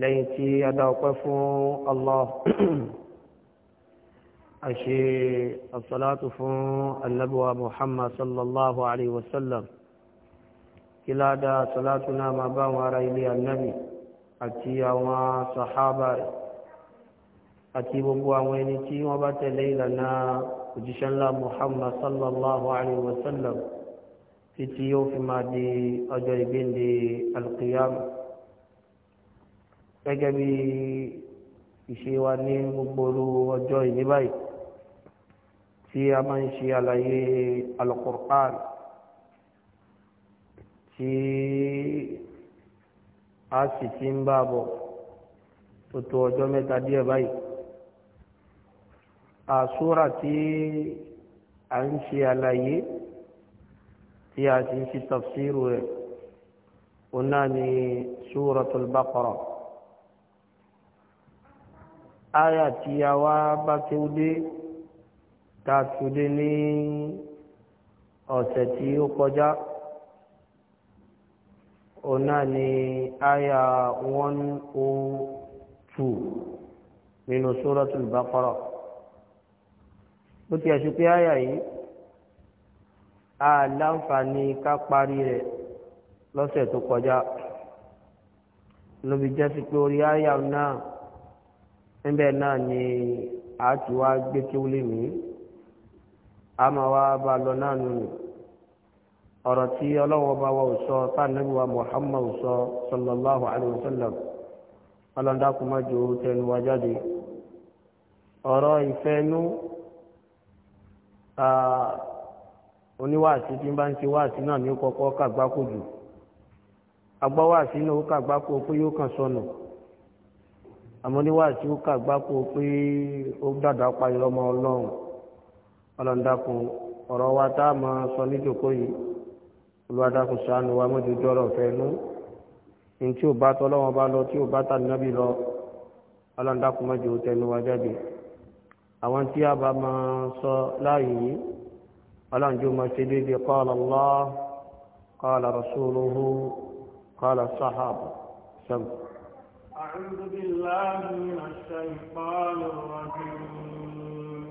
lẹ́yìn tí a dá ọpẹ́ fún Allah a ṣe asalatu fún annabuwa Muhammad sallallahu alaihi wasallam kí ládá asalatu náà ma bá wọn ara ilé annabi àti àwọn sahaba rẹ̀ àti gbogbo àwọn ẹni tí wọ́n bá tẹ̀lé ìlànà òjíṣẹ́ ńlá Muhammad sallallahu alaihi wasallam títí yóò fi máa di ọjọ́ ìgbéǹde alqiyama gẹ́gẹ́ bí ìṣe wa ní gbogbo ọjọ́ ìní báyìí tí a máa ń ṣe àlàyé alukur'an tí a sì ti ń bá bọ̀ tó tó ọjọ́ mẹ́ta díẹ̀ báyìí àsúrà tí a ń ṣe àlàyé tí a sì ń ṣe tafsiru rẹ̀ òun náà ni súratul Baqara áyà tí a wá bá kéwú dé ta kéwú dé ní ọ̀sẹ̀ tí ó kọjá òun náà ni áyà 102 nínú Suratul Baqara bó ti ẹ̀sùn pé áyà yìí a láǹfààní ká parí rẹ̀ lọ́sẹ̀ tó kọjá lóbi jẹ́ sí pé orí áyà náà níbẹ̀ náà ni a ti wá gbé kí ó lè mí a máa wá bá lọ náà nù ní ọ̀rọ̀ tí ọlọ́wọ́ bá wà sọ tánàbíwá Muhammad sọ sallallahu alaihi wasallam ọlọ́ndàkùnmájò tẹnuwa jáde ọ̀rọ̀ ìfẹ́nú oníwàásí tí ń bá ń ṣe wàásí náà ní kọ́kọ́ kàgbákò jù agbọ́wàásí náà ó kàgbákò pé yóò kàn sọnù. So àmọ́ níwájú tí ó kàgbá kó pé ó dàda parí lọ́mọ ọlọ́run ọlọ́ndàkùn ọ̀rọ̀ wa tá a máa sọ níjòkó yìí olùwádàkùn ṣàánú wa mọ́jọ́jọ́ ọ̀rọ̀ fẹ́nu ní tí ò bá tọ́lọ́wọ́n bá lọ tí ò bá tànínábì lọ ọlọ́ndàkùn mọ́jọ́ ó tẹnu wa jáde àwọn tí a bá máa sọ láàyè yìí ọlọ́njọ́ máa ṣe déédéé qala Allah qala rasuluhu qala sẹ́gun. أعوذ بالله من الشيطان الرجيم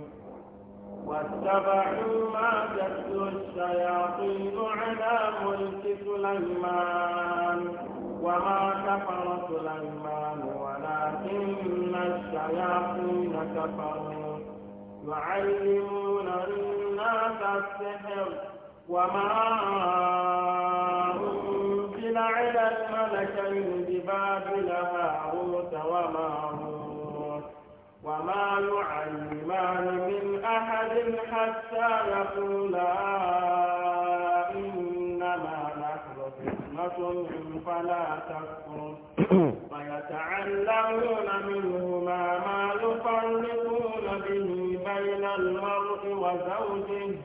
واتبعوا ما تتلو الشياطين على ملك سليمان وما كفر سليمان ولكن الشياطين كفروا يعلمون الناس السحر وما أنزل على الملكين ببابل هاروت وماروت وما يعلمان من أحد حتى يقولا إنما نحن فتنة فلا تكفر فيتعلمون منهما ما يفرقون به بين المرء وزوجه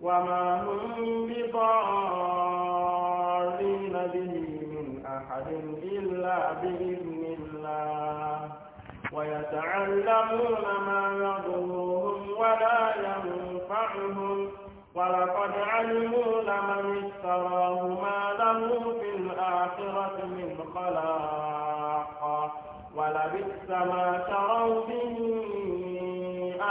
وما هم بضار بإذن الله ويتعلمون ما يضرهم ولا ينفعهم ولقد علموا لمن اشتراه ما له في الآخرة من خلاق ولبئس ما شروا به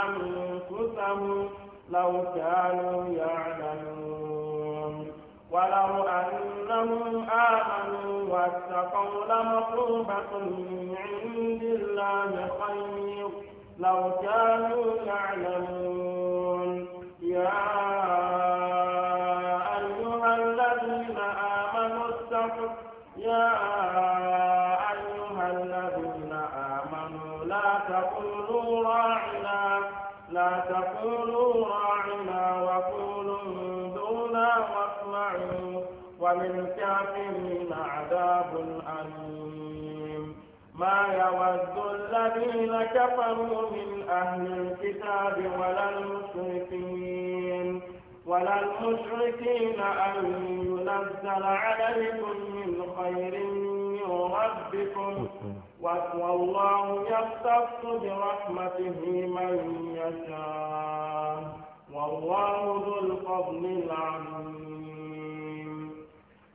أنفسهم لو كانوا يعلمون ولو أن أنهم آمنوا واتقوا لمطلوبة من عند الله خير لو كانوا يعلمون يا أيها الذين آمنوا اتقوا يا أيها الذين آمنوا لا تقولوا راعنا لا تقولوا وللكافرين عذاب أليم ما يود الذين كفروا من أهل الكتاب ولا المشركين ولا المشركين أن ينزل عليكم من خير من ربكم والله يختص برحمته من يشاء والله ذو الفضل العظيم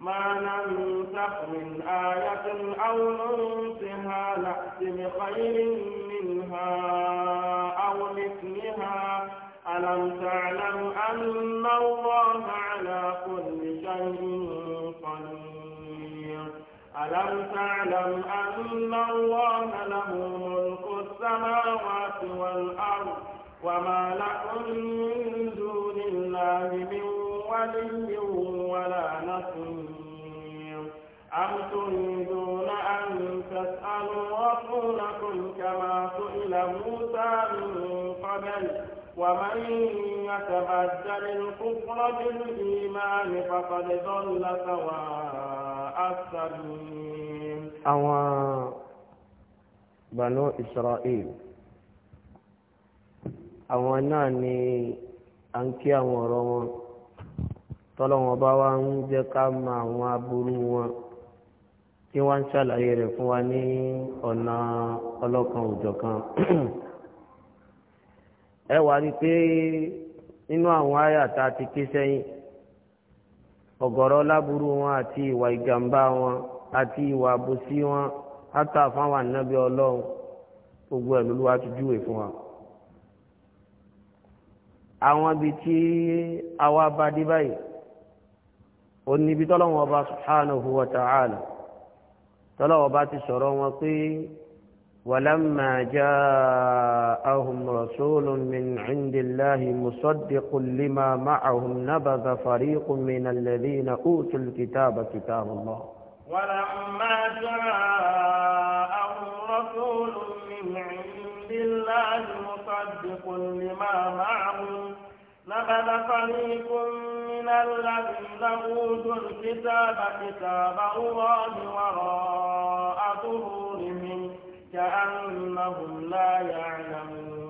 ما ننسخ من آية أو ننسها نأت بخير منها أو مثلها ألم تعلم أن الله على كل شيء قدير ألم تعلم أن الله له ملك السماوات والأرض وما لكم من دون الله من ولي ولا نصير أم تريدون أن تسألوا رسولكم كما سئل موسى من قبل ومن يتبدل الكفر بالإيمان فقد ضل سواء السبيل أو بنو إسرائيل àwọn náà ni à ń kí àwọn ọ̀rọ̀ wọn tọ́lọ́wọ́n bá wá ń jẹ́ ká mọ àwọn aburú wọn tí wọ́n ń ṣàlàyé rẹ̀ fún wa ní ọ̀nà ọlọ́kan òjọ̀kan ẹ wá rí i pé nínú àwọn àyà tá a ti ké sẹ́yìn ọ̀gọ̀rọ̀ láburú wọn àti ìwà ìjàmbá wọn àti ìwà àbòsí wọn átà fáwọn ànábì ọlọ́run gbogbo ẹ̀ lóluwà ti júwèé fún wa àwọn ibi tí àwa bá dé báyìí ó níbi tọ́lọ́wọ́n ọba subhanahu wa ta'ala. تلو بات شروع وقی ولما جاءهم رسول من عند الله مصدق لما معهم نبذ فريق من الذين أوتوا الكتاب كتاب الله ولما جاءهم رسول من عند الله مصدق لما معهم نبذ فريق من الذين أوتوا الكتاب كتاب الله وراء ظهورهم كأنهم لا يعلمون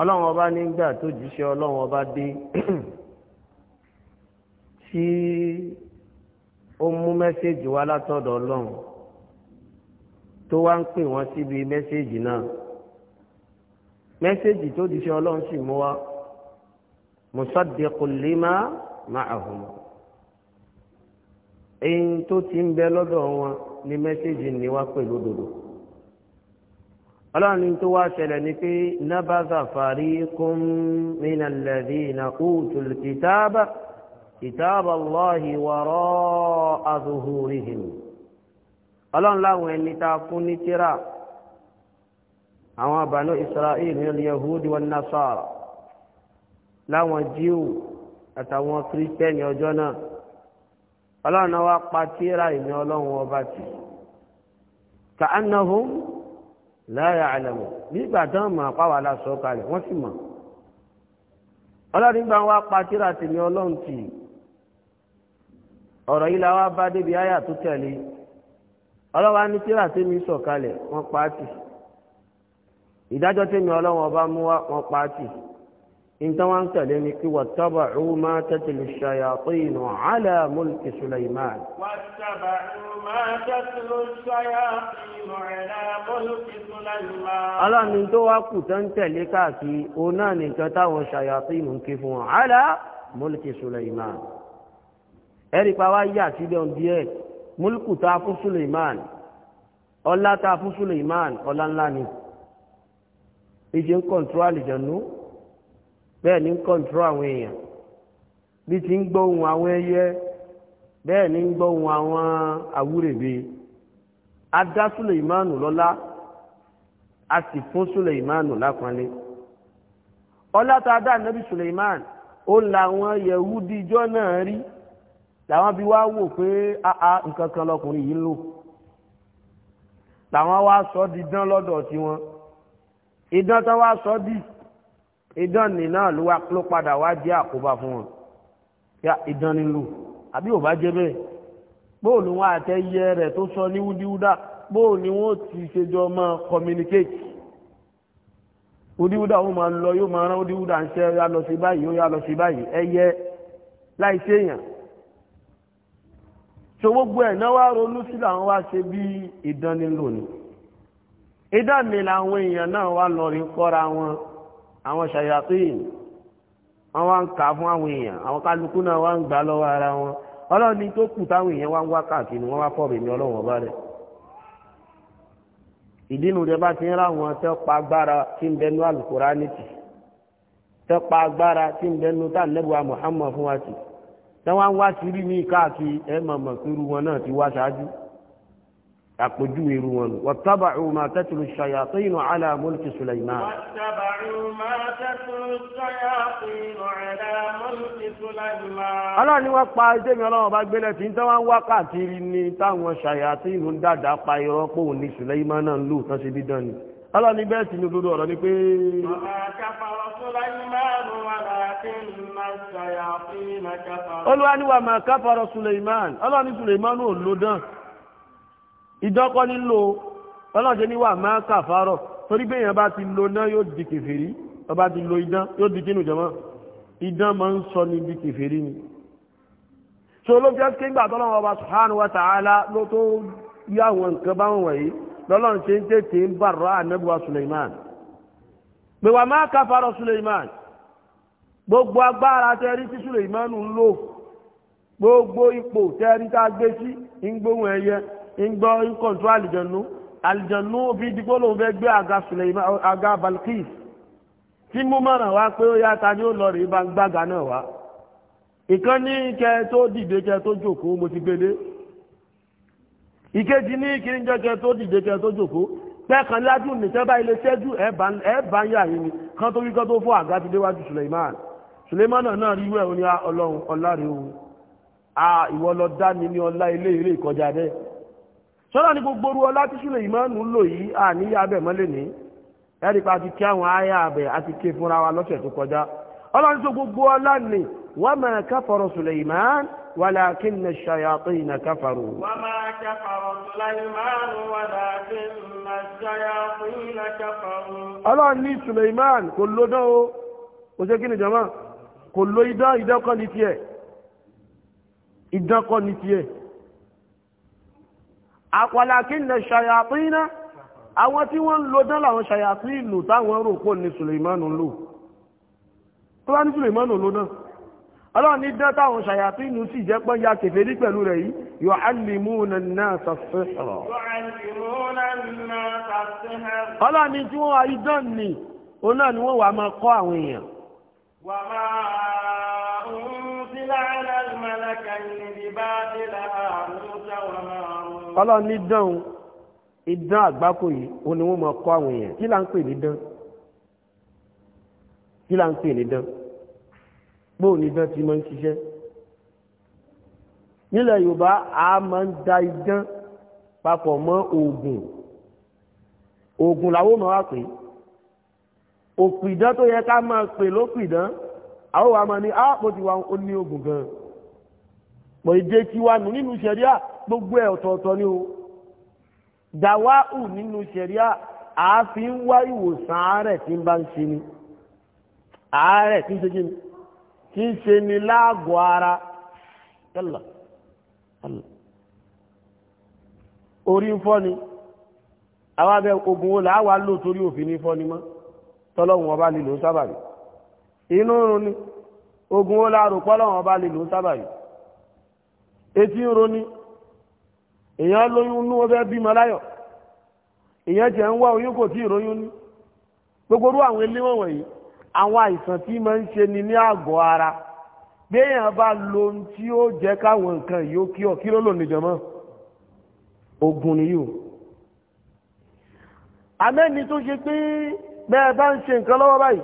ọlọ́run ọba nígbà tó jíṣẹ́ ọlọ́run ọba dé tí ó mú mẹ́sẹ̀jì wá tó wá ń pè wọ́n síbi mẹ́sẹ̀jì náà mẹ́sẹ̀jì tó jíṣẹ́ ọlọ́run sì mú wá musaddiqu lima ma'ahum èyí tó ti ń bẹ lọ́dọ̀ wọn ni mẹ́sẹ́jì ni wá pẹ̀lú òdodo ọlọ́run tó wá ṣẹlẹ̀ ni pé nabaza fariqun min alladhina utul kitaba kitaba Allahi wara'a zuhurihim ọlọ́run láwọn ẹni tá a fún ní tíra àwọn Banu Isra'il ní al-yahudi wan nasara láwọn jíù àtàwọn kírísítẹ́nì ọjọ́ náà ọlọ́run náà wá pa tíra ìní ọlọ́run ọba tì ka annahum la ya'lamu nígbà tán mọ̀ àpáwà lásọ kalẹ̀ wọ́n sì mọ̀ ọlọ́run nígbà wá pa tíra tìní ọlọ́run tì ọ̀rọ̀ yìí la wá bá débi áyà tó tẹ̀lé ọlọ́wà ní tíra tèmi sọ kalẹ̀ wọ́n pa tì ìdájọ́ tèmi ọlọ́run ọba mú wá wọ́n pa tì ìtàn wọn tẹ̀lé ni kí wọ́n tábà ó máa tẹ́tìlì ṣayàtọ̀ ìnà àlà múlùkì Suleiman. wọ́n tábà ó máa tẹ́tìlì ṣayàtọ̀ ìnà àlà múlùkì Suleiman. aláàmì tó wá kù tó ń tẹ̀lé káàkiri òun náà nìkan táwọn ṣayàtọ̀ ké fún wọn àlà múlùkì Suleiman. ẹ̀rí pa wá yà síbẹ̀ ń bí ẹ̀ tá a fún Suleiman ọlá tá a fún Suleiman ọlá ńlá ni. ìṣe ń kọ̀ntró àlìjẹ̀nu bẹ́ẹ̀ ni ń kọ́ńtró àwọn èèyàn bí ti ń gbọ́ ohùn àwọn ẹyẹ bẹ́ẹ̀ ni ń gbọ́ ohùn àwọn àwúrèbe a dá Sùlẹ̀mánù lọ́lá a sì fún Sùlẹ̀mánù lápọ́nlé ọlá tá a dá nàbí Sùlẹ̀mánù ó làwọn yẹ̀wúdí ijọ́ náà rí làwọn bí wá wò pé àà nǹkan kan lọkùnrin yìí ń lò làwọn wá sọ di dán lọ́dọ̀ tiwọn ìdán tán wá sọ di ìdánni náà ló wá ló padà wá jẹ́ àkóbá fún wọn yá ìdánni lù àbí ò bá jẹ́ bẹ́ẹ̀ bóò ni wọ́n àtẹ́yẹ rẹ̀ tó sọ ní bóò ni wọ́n ti ṣèjọ máa communicate wúdiwúdá ó máa lọ yóò máa rán wúdiwúdá ń ṣe yá lọ sí báyìí ó yá lọ sí báyìí ẹyẹ láì ṣèyàn so gbogbo ẹ̀ náà wá ronú sí làwọn wá ṣe bí ìdánni lò ìdánni làwọn èèyàn náà wá lọ rí kọ́ra wọn àwọn ṣàyàtìn wọ́n wá ń kà fún àwọn èèyàn àwọn kálukú náà wá ń gbà lọ́wọ́ ara wọn ọlọ́run ní tó kù táwọn èèyàn wá ń wá káàkiri wọ́n wá fọ́ mi ọlọ́run ọba rẹ̀ ìdínú rẹ̀ bá ti ń ráwọn tẹ́ pa agbára tí ń bẹnu Al-Kùránì tì tẹ́ pa agbára tí ń bẹnu tàlẹ́bùwà Muhammad fún wa tì tẹ́ wọ́n wá sí rí mi káàkiri ẹ̀ mọ̀mọ̀ pẹ̀lú wọn náà ti wá ṣáájú àpèjúwe irú wọn wàtàbàrù máa tẹ́tùrù ṣayàtínú ala mulki Sulaiman. wàtàbàrù máa tẹ́tùrù ṣayàtínú ala mulki Sulaiman. aláàní wọ́n pa ìdẹ́mi ọlọ́run bá gbélé tí ń tán wọ́n wákàtí ní táwọn ṣayàtínú dáadáa pa irọ́ pò ní Sulaiman náà ń lò tán ṣe dídán ni. aláàní bẹ́ẹ̀ sì ni òdodo ọ̀rọ̀ ni pé. olúwa ni wà máa káfàrọ̀ Sulaiman ọlọ́ni Sulaiman ò lò dán ìjọkọ́ nílò ọlọ́ṣẹ́ ní wà máa kàfàárọ̀ torí pé èèyàn bá ti lo náà yóò di kèfèrí ọba ti lo idán yóò di kínú jọmọ́ idán máa ń sọ ní di kèfèrí ni so ló fi ẹ́sìké ńgbà tọ́lọ́wọ́ ọba subhanahu wa ta'ala ló tó yá àwọn nǹkan bá wọn wọ̀nyí lọ́lọ́run ṣe ń tètè ń bàrọ̀ ànábùwà Suleiman pé wà máa kàfàárọ̀ Suleiman gbogbo agbára tẹ́rí tí Suleiman ń lò gbogbo ipò tẹ́rí tá a gbé sí ń gbóhùn ẹyẹ ń gbọ́ ń kọ̀ǹtó àlìjẹ̀nu àlìjẹ̀nu bí dìgbò lòun fẹ́ gbé àga Suleiman àga Balkis tí mú mọ̀ràn wa. pé ó yá ta ni ó lọ rèé bá gbága náà wá ìkan ní kẹ tó dìde kẹ tó jókòó mo ti gbélé ìkejì ní kí ní jẹ́ kẹ tó dìde kẹ tó jókòó pẹ́ẹ̀kan lájú nìṣẹ́ bá ilé ya ẹ̀ẹ́bà ń yà yìí ni kan tó wí kan tó fún àga ti déwájú Suleiman Suleiman náà rí wẹ̀ òní ah, ọlọ́run ọlá rèé ah, ìwọ lọ dá mi ní ọlá ilé ìrè ìkọjá bẹ́ẹ̀ sọ́dọ̀ ní gbogbo orú ọlá tí sílẹ̀ ìmọ̀ọ́nù lò yìí à níyà abẹ́ mọ́lẹ̀ ní ẹ̀rí pa ti kí àwọn ayé abẹ àti ké fúnra wa lọ́sẹ̀ tó kọjá ọlọ́run tó gbogbo ọlá ni wa ma kafara Sulaiman walakinna ash-shayatina kafaru. wa ma ọlọ́run ní Sulaiman kò lódán o kò ṣe kí ni jama kò lo idán idán kọ́ ni tiẹ̀ àpàlàkínà ṣàyàtínà àwọn tí wọ́n ń lo dán láwọn ṣàyàtí ìlú táwọn rò pò ní Sùlèmánù lò tó bá ní Sùlèmánù lò náà ọlọ́run ní dán táwọn ṣàyàtí ìlú sì jẹ́ pọ́n ya kèfèrí pẹ̀lú rẹ̀ yìí yu'allimuna an-nasa as-sihr ọlọ́run ní tí wọ́n wá idán náà ọlọ́run ní dán ìdán àgbákò yìí ó ní wọ́n mọ̀ kọ́ àwọn èèyàn kí là ń pè ní dán kí là ń pè ní dán bóò ní dán ti máa ń ṣiṣẹ́ nílẹ̀ yorùbá a máa ń da idán papọ̀ mọ́ oògùn oògùn làwọn máa wá pè òpìdán tó yẹ ká máa pè lópìdán àwọn wa máa ní áàpò ah, ti ó ní oògùn gan-an pọ̀ èdè tiwa nù nínú sẹ̀ríà gbogbo ẹ̀ ọ̀tọ̀ọ̀tọ̀ ni o dàwáù nínú sẹ̀ríà àáfin wá ìwòsàn àárẹ̀ tí ń bá ń ṣe ni àárẹ̀ tí ń ṣe kí ni tí ń ṣe ni láàgọ̀ ara yálà yálà orí ń fọ́ ni àwọn abẹ́ ogun olà wà lò torí òfin ní fọ́ ni mọ́ tọ́lọ́wọ̀n ọba lílò sábàbí inú rún ni ogun olà rò pọ́lọ́wọ̀n ọba lílò sábàbí etí ń roni èèyàn lóyún nú ọbẹ̀ bímọ láyọ̀ èèyàn jẹ́ ń wá oyún kò tí ì ní gbogbo àwọn ilé wọ̀nyí àwọn àìsàn tí máa ṣe ni ní àgọ́ ara béèyàn bá lo ohun tí ó jẹ káwọn nǹkan yìí ó kí ọ kí ló lò ogun ni yìí o tó ṣe pé bá báyìí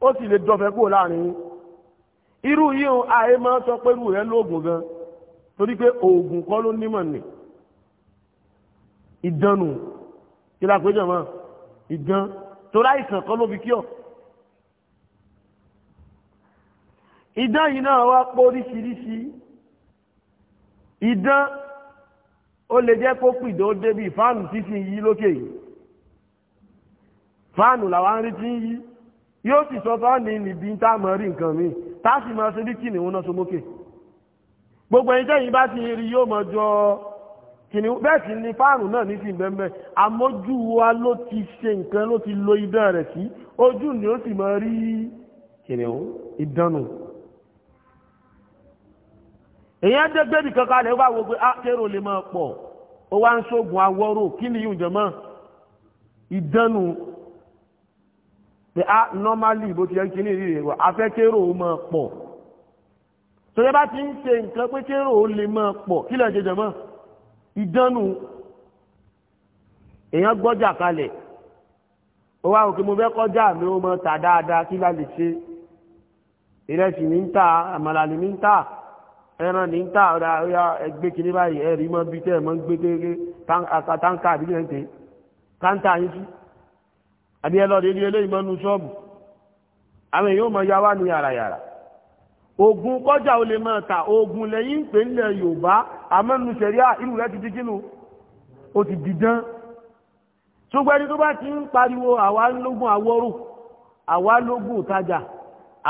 ó sì lè kúrò láàrin irú yìí o àyè máa ń sọ pé gan torí pé oògùn kọ́ ló nímọ̀ nì ìdánù kí la pé jọ̀mọ́ ìdán torí àìsàn kọ́ ló fi kí ọ. ìdán yìí náà wá pọ̀ oríṣiríṣi ìdán ó lè jẹ́ kó pìdó débi fáànù títí yí lókè yìí fáànù làwọn arí ń yí yóò sì sọ fáànù níbi tá a mọ̀ rí nǹkan mi tá a sì máa ṣe bí kìnìún náà so mókè. Okay gbogbo ẹni tẹ́yìn bá ti rí yóò mọ̀ jọ kìnnì bẹ́ẹ̀ sì ni fáànù náà ní sí bẹ́ẹ̀ àmójú wa ló ti ṣe nǹkan ló ti lo idán rẹ̀ sí ojú ni ó sì mọ rí kìnnì ìdánù èyàn dé gbébì kankan lè wá wo pé ah, kérò lè máa pọ̀ ó wá ń ṣoògùn awọ́rò kí ni yóò jẹ ìdánù pé a ah, normally bó ti yẹ kí ni ìrírí rẹ̀ afẹ́ máa pọ̀ tọ́jọ́ bá ti ń ṣe nǹkan pé kérò ó lè máa pọ̀ kí lẹ́ẹ̀ jẹjẹ mọ́ ìdánù èèyàn gbọ́jà kalẹ̀ ó wá òkè mo fẹ́ kọjá mi ó mọ tà dáadáa kí la lè ṣe ìrẹsì ní ń tà àmàlà ní ń tà ẹran ní ń tà ọ̀dà ọ̀yà ẹgbẹ́ kiri báyìí ẹ̀rí mọ́ bí tẹ́ ẹ̀ mọ́ ń gbé kékeré táǹkà àbí kìlẹ̀ ń tè yín sí àbí ẹ lọ́ọ́ dé ní eléyìí ṣọ́ọ̀bù àwọn èèyàn ò mọ yá wá ní yàrá yàrá ogun kọjá o lè máa ta ogun lẹ́yìn pé ńlẹ̀ yorùbá àmọ́nu sẹ̀ríà irú rẹ̀ ti di kínú ó ti dìdán ṣùgbọ́n ẹni tó bá ti ń pariwo àwa lógún àwọ́rò àwa lógún òtajà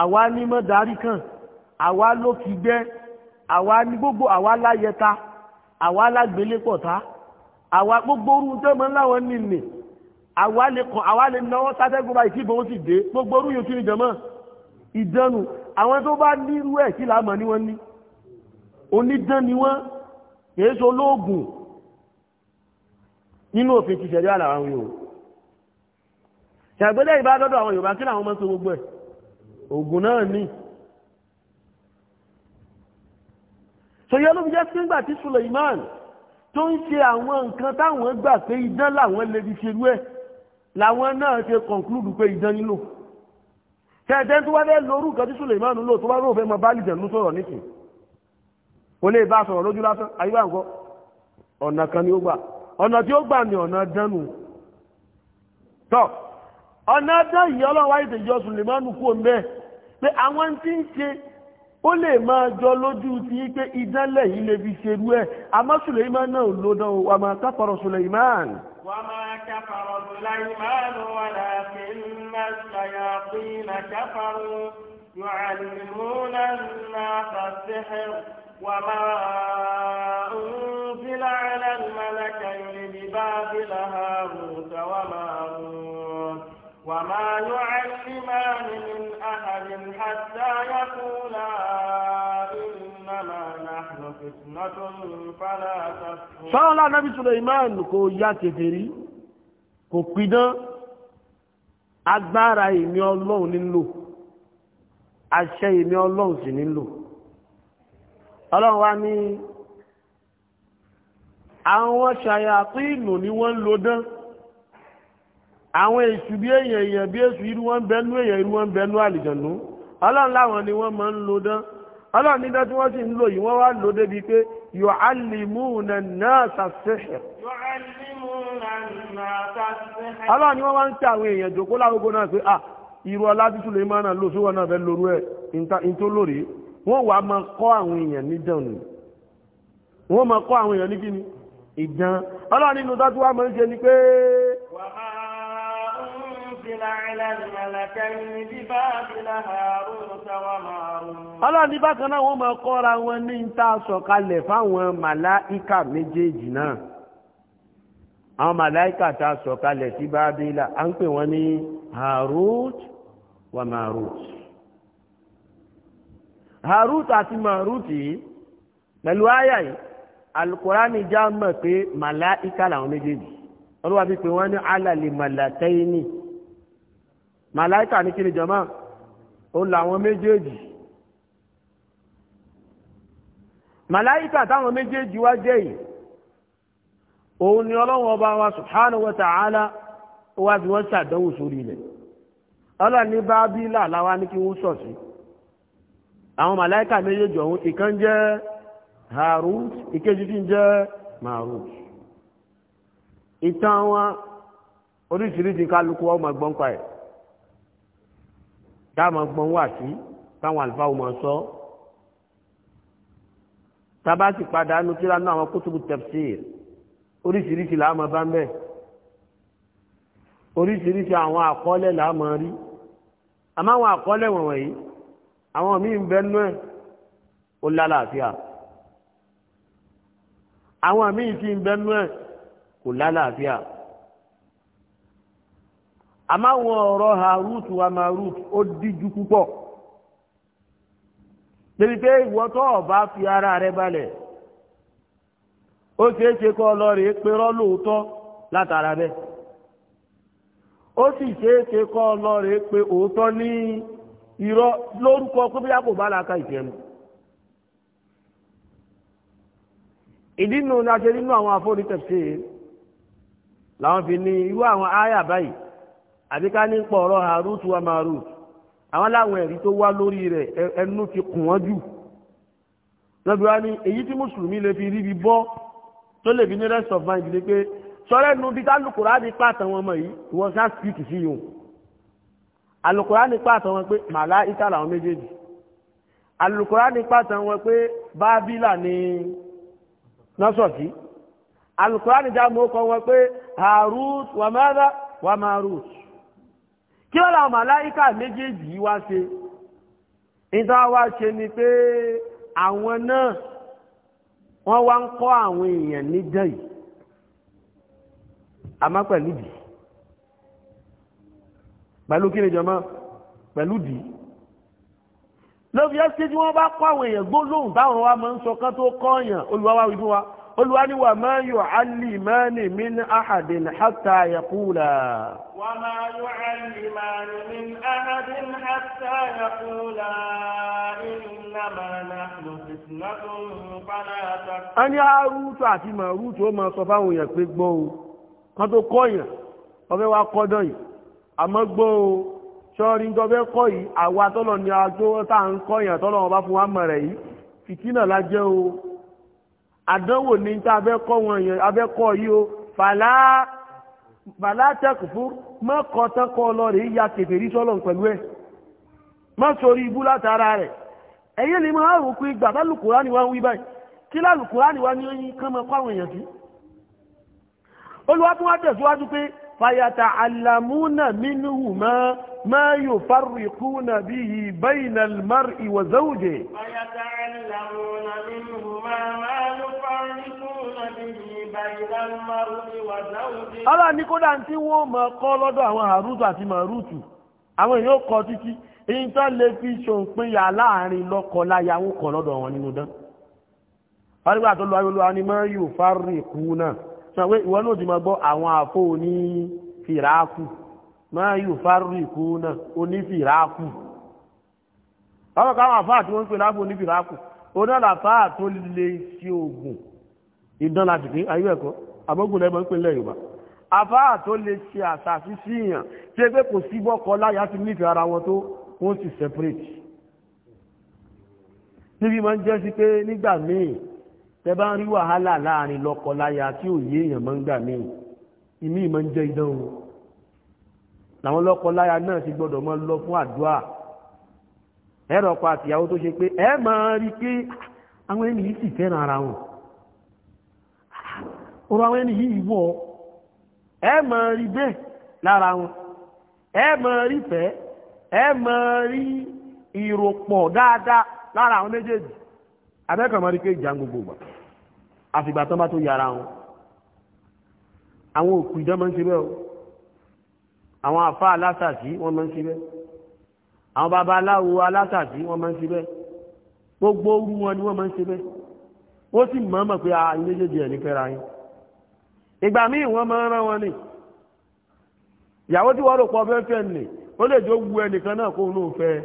àwa ní mọ́darí kan àwa ló fi gbẹ́ àwa ní gbogbo àwa láyẹta àwa lágbélépọ̀ta àwa gbogbo orú tó mọ́ láwọn nìlè àwa lè náwó sátẹ́gùn báyìí tí ìbọn ó sì dé gbogbo orú yóò kí ni jọmọ́ ìdánù àwọn tó bá nírú ẹ̀ kí láàmà ní wọ́n ní onídán ni wọ́n kìí ṣe olóògùn nínú òfin ti ṣẹ̀rí àlà àwọn yòó ṣàgbélẹ̀ ìbá dọ́dọ̀ àwọn Yorùbá kí làwọn mọ́ so gbogbo ẹ̀ ògùn náà ní sọyọ́ ló fi jẹ́ sígbà tí Suleiman tó ń ṣe àwọn nǹkan táwọn gbà pé idán làwọn lè fi ṣerú ẹ̀ làwọn náà ṣe kọ̀ǹkúlùdù pé idán nílò tẹ́ẹ̀tẹ́ tó wá ụka lórú nǹkan tí Sùlẹ̀mánù lò tó wá rò fẹ́ mọ bá lìjẹ̀ nínú sọ̀rọ̀ kò lè bá sọ̀rọ̀ lójú lásán ayíwá nǹkan ọ̀nà kan ni ó gbà ọ̀nà tí ó gbà ọ̀nà dánù tọ́ ọ̀nà dán ó lè máa jọ lójú ti pé ìdánlẹ̀ yìí lè fi ṣerú ẹ̀ àmọ́ Sùlẹ̀mánù náà dán wa máa كفر سليمان ولكن الشياطين كفروا يعلمون الناس السحر وما أنزل على الملكين ببابل هاروت وماروت وما يعلمان من أحد حتى يقولا إنما نحن فتنة فلا تكفر. صلى النبي سليمان كو يا كفري kò pidán agbára èmi ọlọ́run nílò àṣẹ èmi ọlọ́run sì nílò ọlọ́run wá ní àwọn ṣàyàtí ìlò ni wọ́n ń lo dán àwọn èṣù bí èèyàn èèyàn bí èṣù irú wọn bẹnu èèyàn irú wọn bẹnu àlìjànú ọlọ́run láwọn ni wọ́n máa ń lo dán ọlọ́run nídán tí wọ́n sì ń lò yìí wọ́n wá lò débi pé yọ̀álìmúnà náà sàṣẹ́ṣẹ̀ aláà ni wọ́n wá ń tẹ àwọn èèyàn jòkó lárógó náà pé ah irú ọlábí Sùlẹ́mánà ló sí wọ́n náà fẹ́ lórú máa kọ́ àwọn ni wọ́n máa kọ́ àwọn èèyàn ní kíni ìdán aláà nínú dájú wá ni pé أرسل على الملكين ببابل هاروت وماروت ọlọ́run ní bákan náà wọ́n máa kọ́ra wọn ní ń tá sọ̀kalẹ̀ fáwọn màláìkà méjèèjì náà àwọn màláìkà tá sọ̀kalẹ̀ sí bábílà à ń pè wọ́n ní harut wa marut harut àti marut yìí pẹ̀lú àyà yìí alukurani já mọ̀ pé màláìkà làwọn méjèèjì ọlọ́wà fi pè wọ́n ní alàlè màláìkà yìí màláìkà ní kíni jọmọ́ ó làwọn méjèèjì màláìkà táwọn méjèèjì wá jẹ́ yìí òun ni ọlọ́run ọba wa subhanahu wa ta'ala ó wá fi wọ́n ṣàdánwò sórí ilẹ̀ ọlọ́run ní bábílà láwa ní kí wọ́n sọ̀sí àwọn màláìkà méjèèjì ọ̀hún ìkan jẹ́ Harut ìkejì tí ń jẹ́ Marut ìtàn wọn oríṣiríṣi kálukú ọmọ gbọ́npa ẹ̀ táàmà gbọ́n wà sí táwọn àlùfáà wọn sọ tabasi padà nu tíra náà àwọn kótópù tafsir oríṣiríṣi làá máa bá ń bẹ oríṣiríṣi àwọn àkọọ́lẹ̀ làá máa rí àmọ́ àwọn àkọọ́lẹ̀ wọ̀nyí àwọn míì ń bẹ nú ẹ̀ ó lálàáfíà àwọn míì ti ń bẹ nú ẹ̀ kò lálàáfíà. àmọ́ àwọn ọ̀rọ̀ Harut wa Marut ó díjú púpọ̀ pé ọba fi ara rẹ balẹ̀ ó ṣeé ṣe kọ́ ọlọ́rẹ̀ pérọ́ lóòótọ́ látara bẹ́ẹ̀ ó sì ṣeé ṣe kọ́ pé òótọ́ la ka ìdí nu ni a ṣe nínú àwọn afọ́nitẹ̀ṣe làwọn fi ní irú àwọn báyìí. àbí ká ní pọ̀ ọ̀rọ̀ Harut wa Marut àwọn láwọn ẹ̀rí tó wá lórí rẹ̀ ẹnu ti kùn wọ́n jù lọ́bí wá ní èyí tí mùsùlùmí lè fi ríbi bọ́ tó lè fi ní rest of mind ni pé sọ́rẹ́ nu bí tálùkùrá ní pàtàn wọn mọ̀ yìí wọ́n sá speak sí yòó alùkùrá ní pàtàn wọn pé màláíkà làwọn méjèèjì alùkùrá ní pàtàn wọn pé bábílà ní nọ́sọ̀tì alùkùrá ní jáàmù ó kọ wọn pé Harut wàmárà wàmárùt kí wọ́n làwọn màláíkà méjèèjì yìí wá ṣe níta wá ṣe ni pé àwọn náà wọ́n wá ń kọ́ àwọn èèyàn níjọ́ yìí àmọ́ pẹ̀lú dì pẹ̀lú kí ni jọmọ́ pẹ̀lú dì lóbi ẹ́ sí tí wọ́n bá kọ́ àwọn èèyàn gbólóhùn táwọn wa máa ń sọ kán tó kọ́ èèyàn olùwáwá wípé olùwàníwà máa yọ alì máa ní min ahadin hatta yakula. wà máa yọ alì máa ní min ahadin hatta yakula ìnàmà náà lòsìsìnàtún pàdàtà. a ní arútu àti màrútu ó máa sọ fáwọn èèyàn pé gbọ́ o kan tó kọ́yàn ọbẹ̀ wa kọ́dọ̀ yìí àmọ́ gbọ́ o sọ́ọ́rí tó fẹ́ kọ́ yìí àwa tọ́lọ̀ ni a tó tá ń kọ́yàn tọ́lọ̀ wọn fún wa yìí fìtínà la o àdánwò ní tá a fẹ́ kọ́ wọn yẹn a fẹ́ kọ́ yìí o fàlà fàlà tẹkùfù má kọ́ tán kọ́ lọ rèé ya kẹfẹ́rí sọ́lọ̀ pẹ̀lú ẹ̀ má sori ibú látara rẹ̀ ẹ̀yẹ́ lè máa rò pé gbàgbá lùkùrá ni wọ́n ń wí báyìí kí lálùkùrá ni wọ́n ní kán máa kọ́ àwọn èèyàn sí olùwàtúwà tẹ̀síwájú pé fàyàtà àlàmúnà mínú ma ma yóò fárú ikú na bí mar ìwà zaújẹ ọlá kódà tí wọ́n mọ̀ kọ́ lọ́dọ̀ àwọn àrútù àti màrútù àwọn èèyàn kọ títí èyí tó lè fi ṣòǹpinya láàrin lọ́kọ láya ń kọ̀ lọ́dọ̀ wọn nínú dán. wọ́n ni mọ́ yóò fárú ikú náà sàwé ìwọ náà ti máa gbọ́ àwọn àfọ òní fìràákù máa yù fárúkú náà òní fìràákù báwọn káwọn àfáà tí wọ́n ń pè láàbò òní fìràákù òní àlàfáà tó lè ṣe oògùn ìdán láti pín ayé ẹ̀kọ́ àbógun lẹ́mọ̀ ń pè lẹ́ Yorùbá àfáà lè ṣe àṣàfi sí èèyàn tí ẹgbẹ́ kò sí bọ́kọ láyà sí nífẹ̀ẹ́ ara wọn tó wọ́n sì separate níbi máa ń jẹ́ sí pé nígbà míì tẹ bá ń rí wàhálà láàrin lọ́kọláya tí ò yé èèyàn máa ń gbà míì ìmí ìmọ̀ ń jẹ́ idán o làwọn lọ́kọláya náà ti gbọ́dọ̀ máa lọ fún àdúrà ẹ̀rọ pa àtìyàwó tó ṣe pé ẹ máa rí pé àwọn ẹni yìí sì fẹ́ràn ara wọn ọ̀rọ̀ àwọn ẹni yìí wọ̀ ẹ máa rí bẹ́ẹ̀ lára wọn ẹ máa rí fẹ́ ẹ máa rí ìròpọ̀ dáadáa lára àwọn méjèèjì abẹ́kàn mọ́ rí pé ìjà gbogbo gbà àfìgbà tán bá tó yára wọn àwọn òkú ìdán máa ń ṣe bẹ́ẹ̀ o àwọn àfá alásàtí wọ́n máa ń ṣe bẹ́ẹ̀ àwọn bàbá aláwo alásàtí wọ́n máa ń ṣe bẹ́ẹ̀ gbogbo orú wọn ni wọ́n máa ń ṣe ó sì mọ̀ pé àyín méjèèjì ẹ̀ ní fẹ́ra yín ìgbà míì wọ́n máa ń rán wọn ni ìyàwó tí wọ́n rò pọ̀ fẹ́fẹ́ nì ó lè jó wu ẹnìkan náà kó òun náà fẹ́ẹ́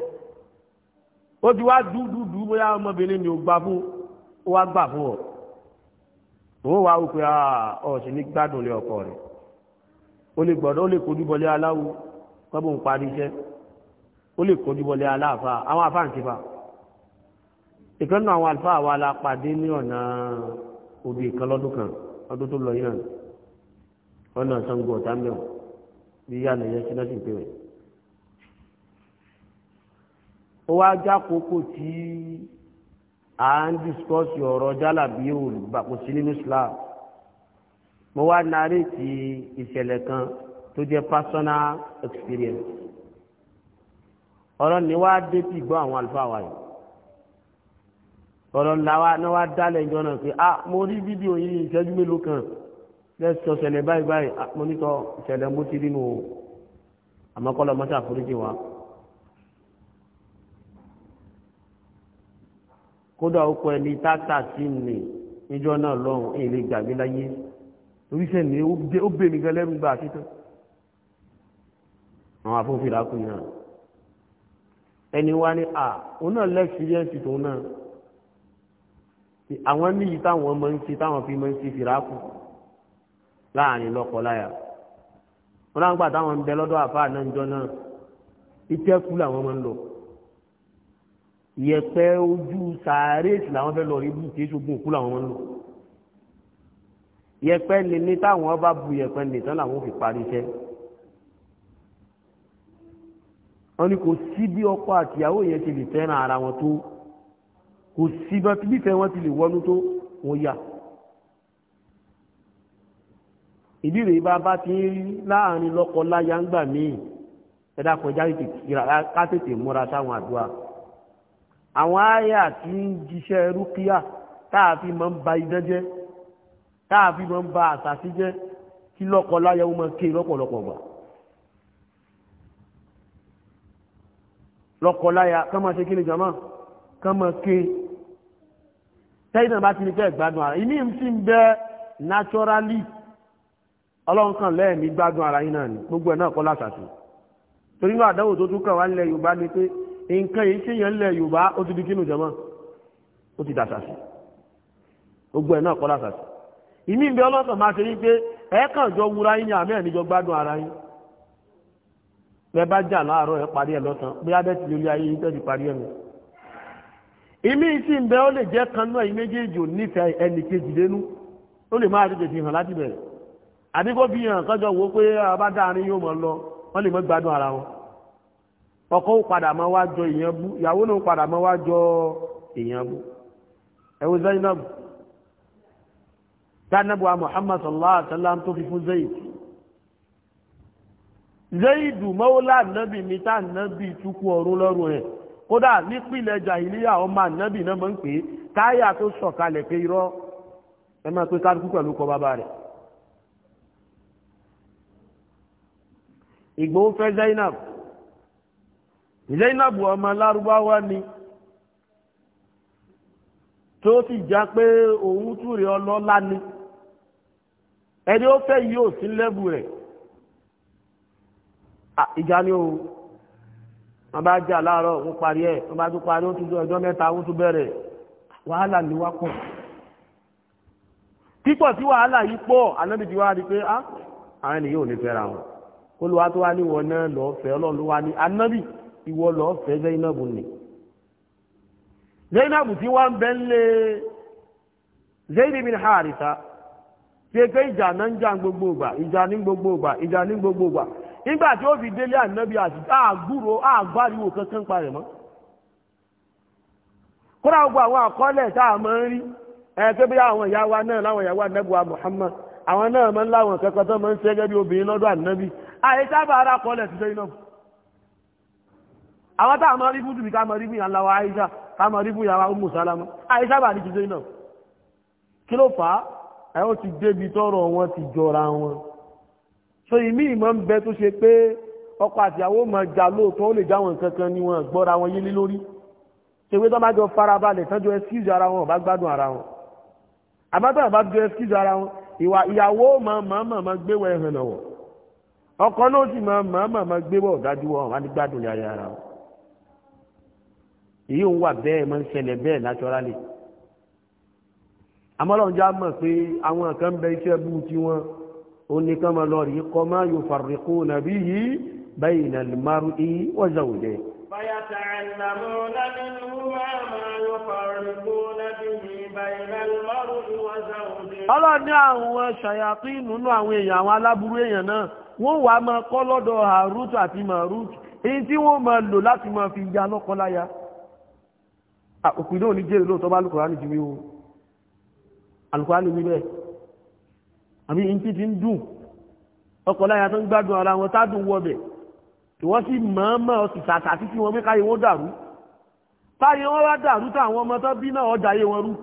ó ti wá dúdúdú bóyá ọmọbìnrin ni ó gbà fún ó wá gbà fún ọ òun wá wò pé ah, ọ̀sẹ̀ ní gbádùn lé ọkọ rẹ̀ ó lè gbọ́dọ̀ ó lè kojú bọlé aláwo kọ́bù ń parí iṣẹ́ ó lè kojú bọlé aláàfà àwọn afá ń ti fà ìkan àwọn àlùfáà wa la pàdé ní ọ̀nà òbí kan lọ́dún kan ọdún tó lọ yìí ọ̀nà Ṣàngó ọ̀tá mẹ́wọ̀n bí yá nìyẹn sínáṣì pé wẹ̀ ó wá jákòókò tí à ń discourse ọ̀rọ̀ jálàbí olùgbàpò sí nínú Islam mo wá naréètì ìṣẹ̀lẹ̀ kan tó jẹ́ personal experience ọ̀rọ̀ ni wá dé tí gbọ́ àwọn àlùfáà wa yìí ọ̀rọ̀ ńlá wa ni wá dálẹ̀ ìjọ náà pé ah mo rí fídíò yìí ìṣẹ́jú mélòó kan lẹ́sọ̀ ṣẹlẹ̀ báyìí báyìí mo nítọ́ ìṣẹ̀lẹ̀ mo ti rí nu o àmọ́ kọ́ lọ́ mọ́tà foríjì wa. kódà ó kọ ẹni tátà sí ni níjọ́ náà lọ́rùn èyí lè gbàgbé láyé oríṣẹ́ ni ó bè mí gan lẹ́rù gbà títọ́ àwọn afọ́fìlà kù náà ẹni wá ní à òun náà lẹ́ẹ̀sìrìẹ́sì tòun náà àwọn níyì táwọn máa ń ṣe táwọn fi máa ń ṣe fìlà láàrin lọ́kọ láya wọn láǹgbà táwọn ń bẹ lọ́dọ̀ àfáà náà ń náà ìtẹ́kù làwọn máa ń lò yẹ̀pẹ̀ ojú sàárèsì làwọn fẹ́ lọ rí bù kí ṣogun òkú làwọn ń lò yẹ̀pẹ̀ nìní táwọn bá bu yẹ̀pẹ̀ nìtàn làwọn fi parí iṣẹ́ wọ́n ní kò sí bí ọkọ àtìyàwó yẹn ti lè fẹ́ràn ara wọn tó kò sí bí ìfẹ́ wọn ti lè wọnú tó wọ́n yà ìdí rèé bá bá ti ń rí láàrin lọ́kọ láya ń gbà míì ẹ̀dá kan jáde tètè múra sáwọn àdúrà àwọn àyà tí ń jíṣẹ́ rúkíà táàfi mọ́ ń ba idán jẹ́ táàfi mọ́ ń ba àsàsí jẹ́ kí lọ́kọ láya ó máa ké lọ́pọ̀lọpọ̀ gbà lọ́kọ láya kán máa ṣe kí ni jàmá kán máa ké tẹ́yìnà bá ti ní fẹ́ gbádùn ara ìní sí ń bẹ naturally ọlọ́run kan lẹ́ẹ̀mí gbádùn ara yín náà ni gbogbo ẹ̀ náà kọ́ lásàtì torí náà àdánwò tó tún kàn wá nílẹ̀ Yorùbá ni pé nǹkan yìí ṣèyàn lẹ̀ yorùbá ó ti di kínú jẹmọ́ ó ti dàṣàṣì gbogbo ẹ̀ náà kọ́ si. ìní ìbí ọlọ́sàn máa ṣe pé ẹ̀ẹ́kàn jọ wúra yín ni àmì ẹ̀níjọ gbádùn ara yín bẹ́ẹ̀ bá jà láàárọ̀ ẹ̀ parí ẹ̀ lọ́sàn ayé yín tẹ́ ti parí ẹ̀ ìsì lè jẹ́ méjèèjì ò nífẹ̀ẹ́ ẹnì lè máa tètè fi hàn láti bẹ̀rẹ̀ fi hàn wo ọkọ ó padà máa wá jọ èèyàn bú ìyàwó náà padà máa wá jọ èèyàn bú Zainab tánàbù wa Muhammad sallallahu alaihi wasallam sallam tó fi fún Zaid Zaid mọ́wọ́lá nabi ní tá nábì túkú ọ̀run lọ́rùn ẹ̀ kódà nípìnlẹ̀ jàhìlíyà ọmọ nábì náà máa ń pè é táyà tó sọ̀kalẹ̀ pé irọ́ ẹ máa pé kálukú pẹ̀lú kọ bàbá rẹ̀ Ìgbòho fẹ́ Zainab Zainab ọmọ lárúbáwá ni tó ti já pé òun túre ọlọ́lá ni ẹni ó fẹ́ yìí ò lẹ́bù rẹ̀ ìjà ni o wọ́n bá jà láàárọ̀ wọ́n parí ẹ̀ wọ́n bá tún parí ó tún ọjọ́ mẹ́ta wọ́n tún bẹ̀rẹ̀ wàhálà ni wá pọ̀ pípọ̀ wàhálà yìí pọ̀ ti wá rí pé ah, àwọn ènìyàn ò ní fẹ́ra wọn olùwà tó wá ní wọn náà ìwọ lọ fẹ́ zainabu ni zainabu tí wọ́n ń bẹ lé zaini bin harisa tí é pé ìjà náà ń jà gbogbo ìgbà ìjà ní gbogbo ìgbà ìjà ní gbogbo ìgbà nígbà tí ó fi délé ànábi àti àgbúrò àgbáriwò kankan parẹ̀ mọ́ àwọn àkọọ́lẹ̀ tá a máa ń rí ẹ̀ẹ́kẹ́ bí àwọn ìyá wa náà láwọn Muhammad àwọn náà máa ń láwọn kẹ́kọ̀ọ́ tó máa ń bí obìnrin lọ́dọ̀ àyíká àwọn táà mọ́ rí fún tùbí ká mọ́ rí fún ìyànláwà Aisha ká mọ́ rí fún ìyàwó Ummu Salama Aisha bà ní ti sẹ́yìn náà kí ló fà á ti débi tọ́rọ̀ wọn ti jọra wọn so ìmí ìmọ̀ ń bẹ tó ṣe pé ọkọ àtìyàwó mọ̀ jà lóòótọ́ ó lè jáwọn kankan ni wọn gbọ́ra wọn yílé lórí ṣèwé tó bá jọ farabalẹ̀ tán jọ excuse ara wọn bá gbádùn ara wọn àmọ́ tó bá jọ excuse ara wọn ìwà ìyàwó mọ̀ mọ̀ mọ̀ gbéwọ̀ ẹ̀hàn náà wọ̀ ọkọ náà sì mọ̀ mọ̀ mọ̀ gbéwọ̀ dájú wọn wà ní gbádùn yàrá wọn èyí ń wà bẹ́ẹ̀ máa ń ṣẹlẹ̀ bẹ́ẹ̀ naturally amọ́lọ́njá mọ̀ pé àwọn kan ń bẹ iṣẹ́ bú tí wọ́n ó ní kán máa lọ rí kọ́ máa yóò fàrìkó nàbí yìí báyìí nà lè máa rú iyì wọ́n zàwò jẹ́ ọlọ́ni àwọn ṣàyàtí nínú àwọn èèyàn àwọn aláburú èèyàn náà wọ́n wà máa kọ́ lọ́dọ̀ àrútù àti màrútù èyí tí wọ́n máa lò láti máa fi ya lọ́kọ́láya òkú náà ní jẹ́rì lóòtọ́ bá alùkùránì ti wí o alùkùránì wí bẹ́ẹ̀ àmì ìntí ti ń dùn ọkọ̀ láyà tó ń gbádùn ara wọn tádùn wọbẹ̀ ìwọ́n sì mọ̀ọ́mọ̀ ọ̀sì sàtàtí tí wọ́n mú káyé wọn dàrú táyé wọn wá dàrú táwọn ọmọ tó bí náà ọjà yé wọn rú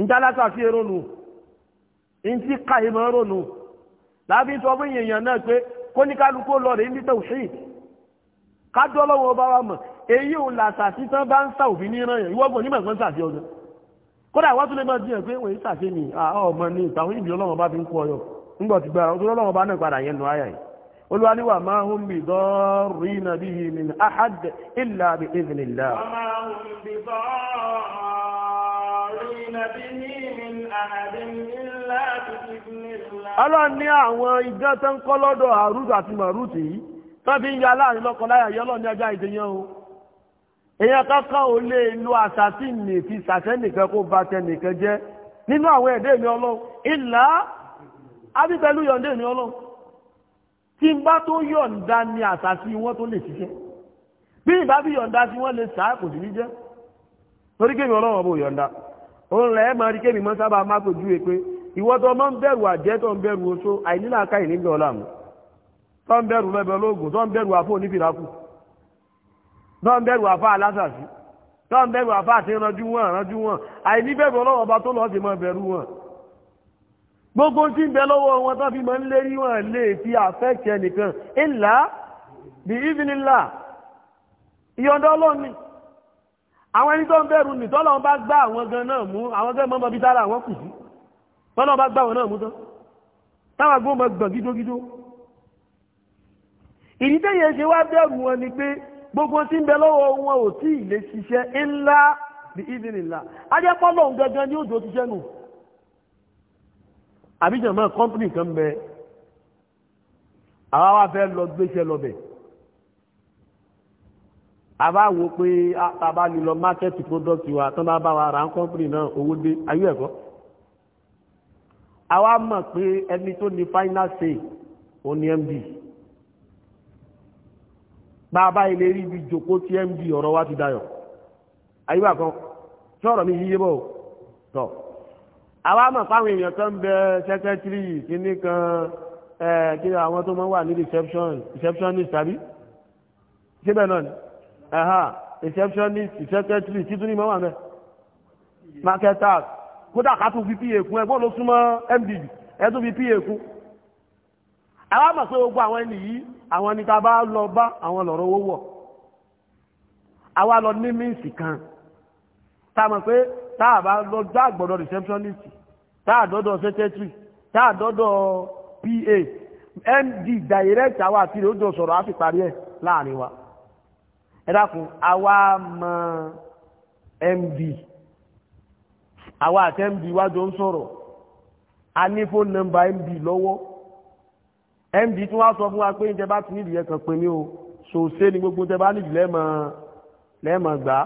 ìjálátà sí erónù ìntí káyé mọ́ rónù láàbí tó ọmọ èèyàn náà pé kóníkálukú lọ rèé ní tòṣì kájọ́ lọ́wọ́ ọba wa mọ̀ èyí ò làṣà sí tán bá ń sá òfin ní ìrànyàn ìwọ́gbọ̀n nígbà kan sàṣẹ ọdún kódà wọ́n tún lè máa díyàn pé wọ́n sàṣẹ ní ọmọ ní ìtàwọn ìbí ọlọ́run bá fi ń kú ọyọ ńgbọ̀ ti gbára ọdún ọlọ́run bá náà padà yẹn nù áyà yìí olúwa ní wà máa ń bì dọ́ọ̀rì nàbí min ahad illa bi iznillah. wà ọlọ́run ní àwọn ìjọ tó ń kọ́ lọ́dọ̀ àrùtù àti màrùtù yìí tó fi ń ya láàrin lọ́kọ̀ọ́láyà yọ́lọ́ ní ọjọ́ ìdíyàn o èyàn kankan ò lè lo àṣà tí nì fi ṣàṣẹ́nìkan kó ba tẹnìkan jẹ́ nínú àwọn ẹ̀dẹ́ mi ọlọ́run ìlà abíbẹ̀lú yọ̀ǹdẹ́ mi ọlọ́run tí n bá tó yọ̀ǹda ni àṣà sí wọn tó lè ṣiṣẹ́ bí ìbá bí yọ̀ǹda sí wọn lè ṣáà kò sí ní jẹ́ torí kémi ọlọ́run ọ̀bọ̀ yọ̀ǹda òun lẹ́ẹ̀ máa rí kémi mọ́ sábà má kò ju èpè ìwọ́ tó mọ́ ń bẹ̀rù àjẹ́ tó ń bẹ̀rù oṣó àìníláàká ìníbẹ̀ ọ̀làmù tó ń bẹ̀rù lọ́bẹ̀ ológun tó ń bẹ̀rù àfọ̀ onífìlàkù náà ń bẹ̀rù àfá alásàsí náà ń bẹ̀rù àfá àti ìranjú wọn ìranjú wọn àìní bẹ̀rù ọlọ́wọ́ ọba tó lọ́ọ́ ti máa bẹ̀rù wọn gbogbo tí ń bẹ lọ́wọ́ wọn tó fi máa ń lérí wọn lè fi àfẹ́kì ẹnìkan ńlá bí ìfìnilá ìyọ̀ndọ́ ọlọ́ni àwọn ẹni tó ń bẹ̀rù nì tọ́lọ́ bá gbá àwọn gan náà mú àwọn gan mọ́ bí tára àwọn kù sí tọ́lọ́ bá gbá àwọn náà mú tán táwọn agbóhùn mọ́ gbọ̀n gídógídó ìdí tẹ́yẹ ṣe wá bẹ̀rù wọn ni pé gbogbo tí ń bẹ lọ́wọ́ wọn ò tí ì lè ṣiṣẹ́ ńlá bí ìdínlá ajẹ́pọ́lọ̀ gangan ní òjò ṣiṣẹ́ nù àbíjàmọ́ kọ́mpìnì kan bẹ àwa wá fẹ́ lọ gbéṣẹ́ lọ́bẹ̀ àbá wo pé àbá lílọ mákẹ́tì pọ́dọ́tì wa tán bá bá wa ra kọ́mpìnì náà owó dé ayé ẹ̀kọ́ àwa mọ̀ pé ẹni tó ní final say ó md bàbá ilé rí ibi jòkó tí md ọ̀rọ̀ wa ti dayọ̀ àyíwá kan tí ọ̀rọ̀ mi yíyé bọ̀ tọ̀ àwa mọ̀ fáwọn èèyàn tó ń bẹ sẹ́kẹ́tírì kínní kan ẹ̀ kí àwọn tó máa ń wà ní receptionist tàbí síbẹ̀ náà ni receptionist secretary títún ní máa wà mẹ́ marketers kódà ká tún fi pa èkún ẹgbọ́n ló súnmọ́ mdb ẹ tún fi pa èkún àwọn àmọ̀ pé gbogbo àwọn ẹni yìí àwọn ẹni tá a bá lọ bá àwọn lọ̀rọ̀ owó wọ̀ àwa lọ ní míǹsì kan tá mọ̀ pé tá bá lọ gbá receptionist tá a dọ́dọ̀ secretary tá a dọ́dọ̀ pa md direct àwa àti rẹ̀ ó jọ sọ̀rọ̀ á sì parí ẹ̀ láàrin wa ẹ dákun àwa mọ md àwa àti md wájọ ń sọ̀rọ̀ a ní fóònù nọ́mbà md lọ́wọ́ md tí wọ́n sọ fún wa pé ìjẹba ti nídìí ẹ̀kan pé mí o ṣòṣe ni gbogbo ìjẹba nídìí lẹ́mọ̀ lẹ́mọ̀ gbà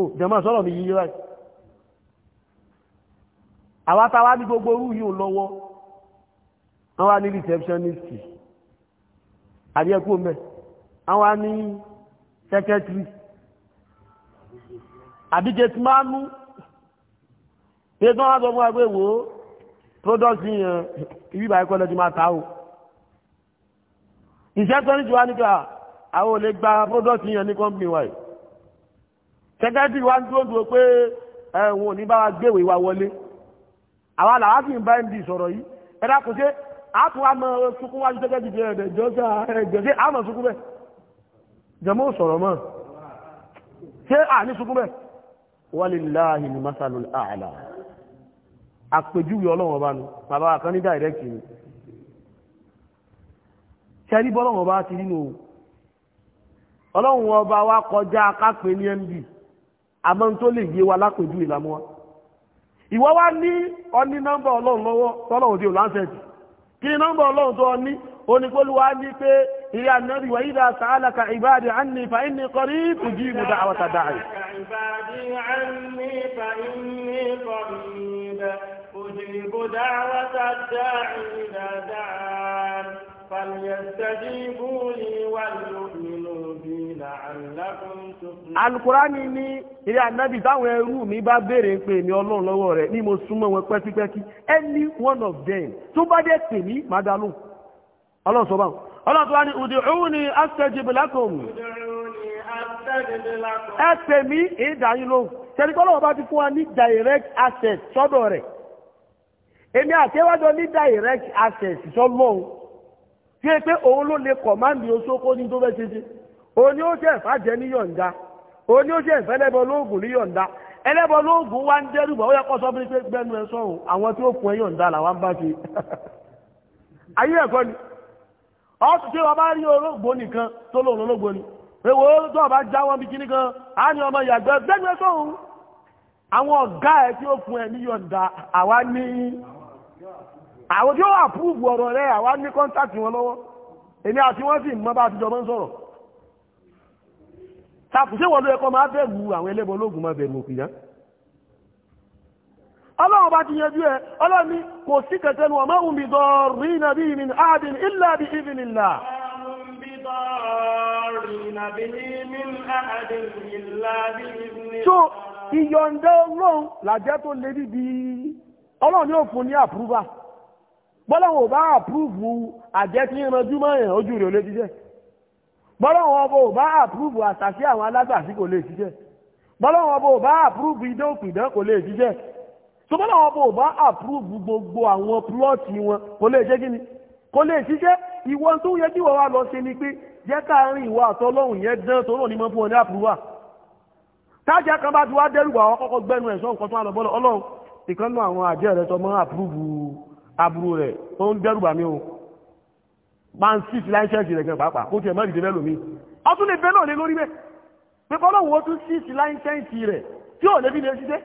ó jẹ̀mọ́ sọ̀rọ̀ mi yíyí báyìí àwa táwa ní gbogbo orú yìí ò lọ́wọ́ wọ́n wá ní receptionist àdíẹ́kù wọ́n wá ní secretary àbíjẹ tí máa mú pé tí wọ́n wá sọ fún wa pé wò ó product yìí yẹn ibi ìbáyé kọ́lẹ́ máa ta o ìṣẹ́tọ́ ní tiwa nípa àwọn olè gba product yẹn ní company wa yìí secretary wa ń dúró dúró pé ẹ̀wọ̀n ní bá wa gbéwèé wa wọlé àwa làwa sì ń bá md sọ̀rọ̀ yìí ẹ̀dá kò ṣe àtún wa mọ sunkún wájú secretary ti ẹ̀dẹ̀ jọ́sà ẹ̀jẹ̀ ṣe àmọ̀ sunkún bẹ́ẹ̀ jẹ́mọ́ sọ̀rọ̀ mọ́ ṣé àní sunkún bẹ́ẹ̀ walillahi ni masalul a'la àpèjúwe ọlọ́wọ́ bá nu bàbá kan ní direct ni ṣẹ́rí bọ́lọ́wọ́n bá ti nínú o ọlọ́run ọba wa kọjá akápẹ́ ní mb àmọ́ tó lè yé wa lápèjú ìlàmú wa ní ọní nọ́mbà ọlọ́run lọ́wọ́ tọ́lọ́run tí ò kí ni nọ́mbà ọlọ́run tó ọní onípolúwa ní pé ìrìn ànábì wà ìdá ìbáàdì alukurani ní ilé anabi táwọn ẹrú mi bá béèrè ń pè mí ọlọ́run lọ́wọ́ rẹ̀ ni mo súnmọ́ wọn pẹ́kípẹ́kí any one of them tó bá dé pè mí má dá lóhùn ọlọ́run sọ báwọn ọlọ́run tó wá ní ud'uni astajib lakum ẹ pè mí ìdáyín lóhùn tẹ̀lifọ́lọ́wọ́ bá ti fún wa ní direct access sọ́dọ̀ rẹ̀ èmi àtẹ́wájọ ní direct access sọ́lọ́hùn tí é pé òun ló lè kọ̀ máa ń bí oṣù kó ní tó fẹ́ ṣeṣe òun ni ó ṣe ìfàjẹ́ ní yọ̀ǹda òun ni ó ṣe ìfẹ́lẹ́bọ lóògùn ní yọ̀ǹda ẹlẹ́bọ lóògùn wá ń dẹ́rùbà ó yẹ kọ́ sọ pé gbẹnu ẹ sọ̀rùn àwọn tí ó fún ẹ yọ̀ǹda làwọn ń bá ṣe ayé ẹ̀kọ́ ni ọ̀tún tí wọ́n bá rí olóògbò nìkan tó lòun olóògbò ni èwo tó ọba já wọn bí kíní kan á ní ọmọ ìyàgbẹ́ àwọn ọ̀gá ẹ tí ó fún ẹ ní yọ̀ǹda àwa ní àwọn tí ó wà púùfù ọ̀rọ̀ rẹ̀ àwa ní kọ́ńtàkì wọn lọ́wọ́ èmi àti wọ́n sì mọ́ bá àtijọ́ mọ́ ń sọ̀rọ̀ tàkùsẹ́ wọ́n ló ẹ̀kọ́ máa bẹ̀rù àwọn ẹlẹ́bọ ológun máa bẹ̀rù òkìyá ọlọ́run bá ti yẹjú ẹ ọlọ́run kò sí kẹtẹnu min ààbìn ìyọ̀ndẹ́ ọlọ́run làjẹ́ tó lè dìdí ọlọ́run ní òfin ní àpúrúbà bọ́lọ́wọ́ bá àpúrùfù àjẹ́ tí ń ranjú mọ́yàn ojú rẹ̀ olè jíjẹ́ bọ́lọ́wọ́ ọbọ̀ bá àpúrùfù àṣàṣí àwọn alágbàsí kò lè jíjẹ́ bọ́lọ́wọ́ ọbọ̀ bá àpúrùfù idán òpìdán kò lè jíjẹ́ tó bọ́lọ́wọ́ ọbọ̀ bá àpúrùfù gbogbo àwọn plọ́ọ̀tì wọn kò lè jẹ́ gíní kò lè jíjẹ́ ìwọ tó yẹ kí wọ́n wá lọ ṣe ni pé jẹ́ káàrin ìwọ àtọlọ́hùn yẹn dán tó rọ̀ ní mọ́ fún ọ ní àpúrùwà tájà kan bá ti wá dẹ́rù àwọn kọ́kọ́ gbẹ́nu ẹ̀ṣọ́ nǹkan tó wà lọ́bọ́lọ́ ọlọ́run ìkan náà àwọn àjẹ́ rẹ̀ tọmọ àpúrùfù aburú rẹ̀ ó ń dẹ́rù bà o man six láìsẹ̀nsì rẹ̀ gan pàápàá kó tiẹ̀ má dìde bẹ́ẹ̀ lómi ọtún lè bẹ́ẹ̀ náà lé lórí bẹ́ẹ̀ pé kọ́ lóun ó tún six láìsẹ̀nsì rẹ̀ tí ò lè bí lè ṣiṣẹ́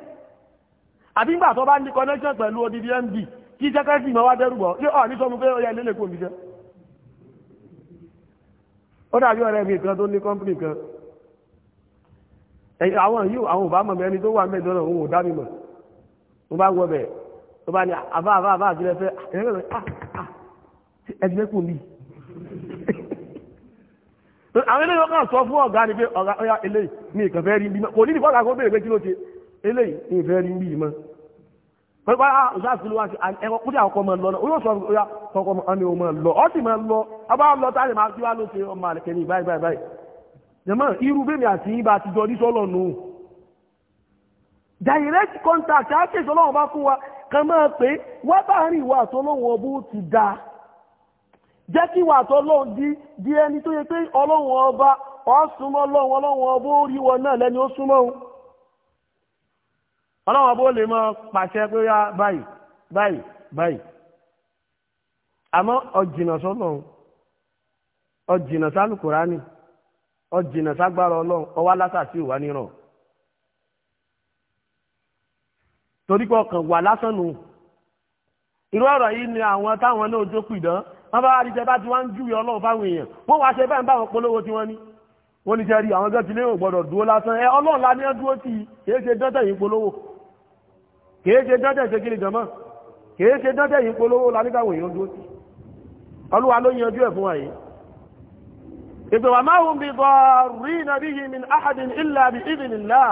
àbí ńgbà tó bá ní connection pẹ̀lú odidi md kí jẹ́kẹ́ sì mọ́ wá dẹ́rù bọ̀ ṣé ọ̀ ní sọ́mu pé ó yẹ lélẹ̀ kó mi jẹ́ ó dàbí ọ̀rẹ́ mi kan tó ní company kan àwọn yìí àwọn ò bá mọ̀ mẹ́ni tó wà mẹ́jọ náà òun ò dá mi mọ̀ mo bá wọ bẹ́ẹ̀ tó bá ní àbá àbá àbá àti lẹ́fẹ́ ẹgbẹ́ kù ní. àwọn eléyìí kan sọ fún ọ̀gá ni pé ọ̀gá ọ̀yà eléyìí ní ìkànfẹ́ rí bí mọ́ kò ní ìfọ́ kó béèrè pé kí ló ṣe eléyìí ìfẹ́ rí bí mọ́ pẹ̀lú ah, wá sí ọ̀yá ọmọ lọ ọ́ sì lọ ọba lọ táyì máa wá ló ṣe ọmọ àlẹ́kẹ́ ní báyìí báyìí jẹ́mọ́ irú àti ní nù direct contact kan máa pé wá báàrin ìwà àtọ́lọ́wọ̀n ọbú ti da jẹ́ kí ìwà di di ẹni tó yẹ pé ọba ọ̀súnmọ́ lọ́wọ́n ọlọ́wọ̀n ọbú rí náà lẹ́ni ó súnmọ́ òun ọlọ́wọ̀n ọbú lè máa pàṣẹ pé yá báyìí báyìí báyìí àmọ́ ọ̀jìnà sọ́lọ́run ọ̀jìnà sálùkùránì ọ̀jìnà ságbára ọlọ́run ọwá látàtì ìwà níràn torí pé ọkàn wà lásán nù irú ọ̀rọ̀ yìí ni àwọn táwọn náà jókòó ìdán wọ́n bá rí jẹ bá ti wá ń júwe ọlọ́run fáwọn èèyàn wọ́n wá ṣe bẹ́ẹ̀ báwọn polówó tí wọ́n ní wọ́n ní jẹ́rìí àwọn gẹ́gẹ́ tilé ò gbọ́dọ̀ lásán ẹ ọlọ́run la ní ẹ dúró tì kìí ṣe dọ́tẹ̀ yìí polówó kìí ṣe dọ́tẹ̀ ṣe kiri jọmọ́ kìí ṣe dọ́tẹ̀ yìí polówó la ní káwọn èèyàn dúró tì olúwa ló yanjú ẹ̀ fún wa yìí ìpè wà máa hùn bí bọ́ọ̀rí nàbí yìí min ahadin illa bi idhnillah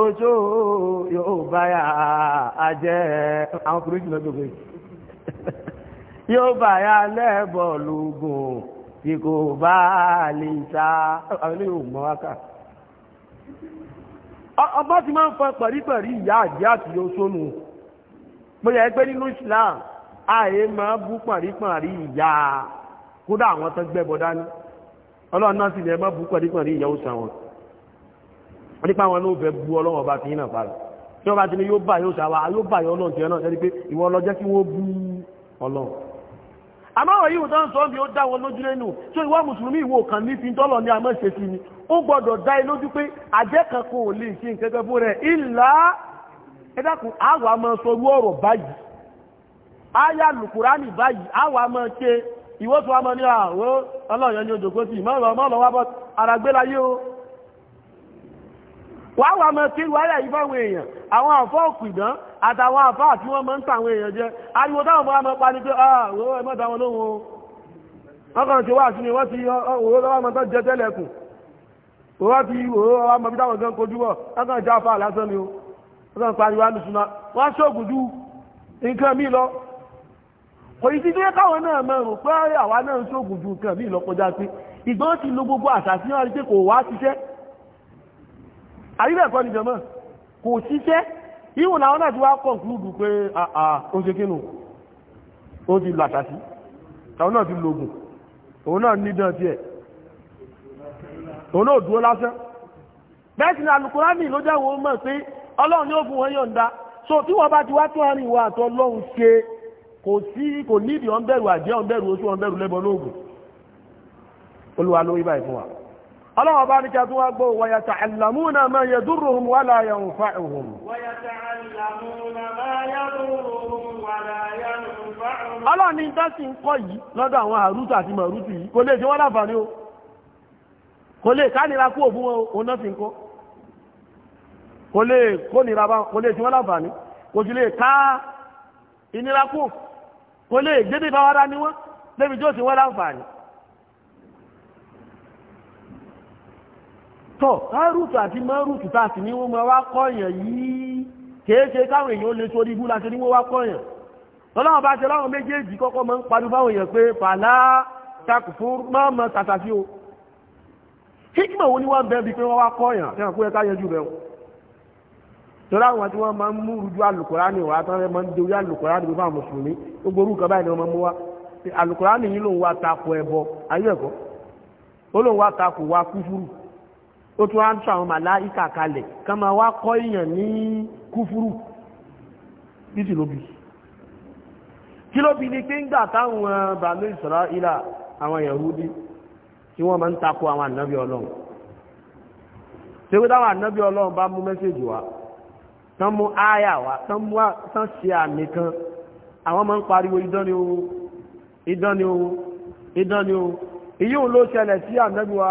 ojú yóò bá yà á jẹ́ àwọn kùnrin jùlọ gbogbo yóò bá yà lẹ́bọ̀ lùgùn tí kò bá lè ta àwọn ilé ìwòmọ̀ wákà ọba ti máa ń fọ ìyá àjẹ́ àti mo yẹ nínú Islam ààyè máa bú pẹ̀rípẹ̀rí ìyá kódà àwọn tó gbẹ́bọ̀ dání ọlọ́run náà sì lè má bú pẹ̀rípẹ̀rí ìyá nípa àwọn náà fẹ́ bu ọlọ́run ọba tí náà para tí wọ́n bá ti ní yóò bá yóò ṣàwà yóò bá yóò ọlọ́run tiẹ̀ náà ṣe ni pé ìwọ ọlọ́jẹ́ kí wọ́n bú ọlọ́run àmọ́ ọ̀rọ̀ yìí tán sọ́ọ́ bí ó dá lójú lẹ́nu tí ìwọ mùsùlùmí ìwò kan ní fi tọ́lọ̀ ní àmọ́ sí ni ó gbọ́dọ̀ dá i lójú pé àjẹ́ kan kò lè ṣe nǹkan kan fún rẹ̀ ìlà ẹ dákun àwa máa sọ orú ọ̀rọ̀ báyìí àyà lùkùránì báyìí àwa máa ṣe ìwọ́sùn àmọ́ ní àwọn ọlọ́yọ̀ ní ojòkó sí ìmọ̀ ọ̀rọ̀ ọmọ ọ̀rọ̀ wà wà mọ̀ kí wàhálà yìí fáwọn èèyàn àwọn àfọ́ òkùdán àtàwọn àfọ́ àti wọ́n mọ́ ń tàwọn èèyàn jẹ ariwo táwọn máa mọ́ pa ní pé àwòrán ah, ẹ̀mọ́ta wọn lóhun wọ́n kàn ṣe wá sí ni wọ́n ti ah, òwò lọ́wọ́ mọ́ tó jẹ tẹ́lẹ̀kùn òwò ti òwò wa mọ̀ bí táwọn gan kojú wọ̀ wọ́n kàn já afá lásán ni o wọ́n kàn pariwo alùsùnà wọ́n ṣògùn ju nǹkan mí lọ kò yí sí pé káwọn náà mọ̀ rò pé àwa náà ṣògùn ju nǹkan mí lọ kọjá sí ìgbọ́n ti lo gbogbo àṣà sí wọn rí pé kò wá ṣiṣẹ́ àríbẹ̀ ẹ̀kọ́ ni jẹmọ́ kò síṣẹ́ ìwò làwọn náà ti wá kọ̀nkúlùdù pé ah, ah, ó ṣe ó ti làtàsí àwọn náà ti lògùn òun náà nídàn tí ẹ̀ òun náà dúró lásán bẹ́ẹ̀ ni alùkùránì ló jáwọ́ mọ̀ pé ọlọ́run yóò fún wọn so tí wọ́n bá ti wá àtọ́ lọ́hun ṣe kò sí kò nídìí ọ̀nbẹ̀rù ọlọ́wọ́ bá ní kí a tún wá gbọ́ wa yata'allamuna ma yadurruhum wala yanfa'uhum ọlọ́ni dásí ń kọ́ yìí lọ́dọ̀ àwọn àrútù àti màrútù yìí kò lè ṣe wọ́n láǹfààní o kò lè kánira kú òfún wọn ń kọ́ kò lè kó nira bá kò lè ṣe kò lè tọ̀ kárùtù àti márùtù tàà sì ní wọ́n mọ́ wá kọ́yàn yìí kéèké káwọn èèyàn ó lè sórí ibú láti ní wọ́n wá kọ́yàn lọ́lọ́wọ́ bá ṣe láwọn méjèèjì kọ́kọ́ mọ́ ń parí fáwọn èèyàn pé fàlá takùfún mọ́mọ́ tàtàfí o hikmọ̀ wo ni wọ́n bẹ́ẹ̀ bí pé wọ́n wá kọ́yàn tẹ́wọ̀n kó yẹ ká yẹjú rẹ̀ tọ́lá àwọn tí wọ́n máa ń mú rújú alùkùránì wà tán rẹ̀ máa ń dorí alùkùránì bí fáwọn mùsùlùmí gbogbo orú kan báyìí ni wọ́n máa mú wá alùkùránì yìí lòun wá takò ẹbọ ayé ẹ̀kọ́ ó lòun wá takò wá kúfúrú ó tún wá ń tún àwọn màláìkà kalẹ̀ kan máa wá kọ́ èèyàn ní kúfúrú bísí ló bí kí ló bí ni pé ń gbà táwọn eh, bàánú Ísírẹ́lì àwọn Yahudi tí wọ́n máa ń takò àwọn ànábì ọlọ́run tí wọ́n táwọn ànábì ọlọ́run bá mú mẹ́sẹ̀jì wa tán mú áyà wa tán mú tán ṣe àmì kan àwọn máa ń pariwo idán o idán o idán o èyí ò ló ṣẹlẹ̀ sí ànábì wa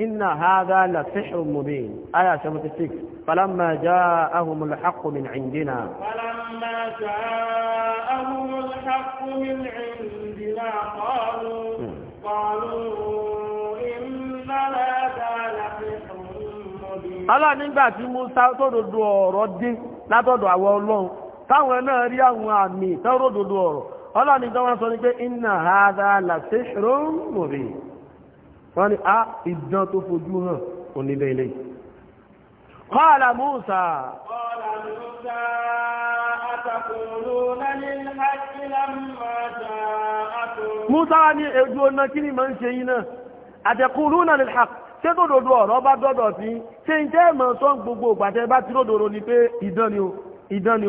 إن هذا لسحر مبين آية 76 فلما جاءهم الحق من عندنا فلما جاءهم الحق من عندنا قالوا قالوا إن هذا لسحر مبين الله nígbà tí Musa tó dodo ọ̀rọ̀ dé látọ̀dọ̀ àwọn Ọlọ́run táwọn náà rí àwọn àmì tó rododo ọ̀rọ̀ Ọlọ́run ni wọ́n sọ ní pé inna hadha la sihrun mubin wọ́n ni a ah, ìdán tó fojú hàn onílẹ̀ ilẹ̀ kọ́ọ̀lá Musa kọ́ọ̀lá Musa àtàkùnrùn ọ̀nà kí ni máa ń ṣe yín náà àtẹ̀kùnrùn náà lè hàk ṣé tó dòdò ọ̀rọ̀ bá dọ́dọ̀ sí ṣe ń jẹ́ ìmọ̀ sọ́n gbogbo ìgbàtẹ́ bá tí lódòrò ni pé ìdán ni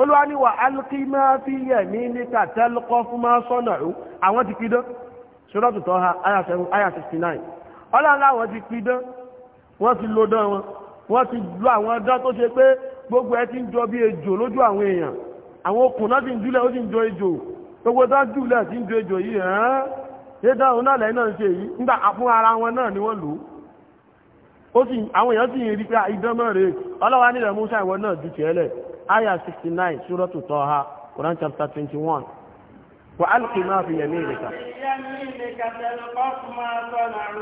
olúwa ní wà alqi ma fi yaminika talqaf àwọn ti pidán Suratu Taha aya 69 ọlọ́lá àwọn ti pidán wọ́n ti lo dán wọn wọ́n ti lo àwọn dán tó ṣe pé gbogbo ẹ ti ń jọ bí ejò lójú àwọn èèyàn àwọn okùn náà ti ń júlẹ̀ ó ti ń jọ ejò gbogbo júlẹ̀ ń jọ ejò yìí hàn ṣé dán òun náà ara náà ni wọ́n lò ayah 69 suratu Taha Quran chapter 21 وألق ما في يمينك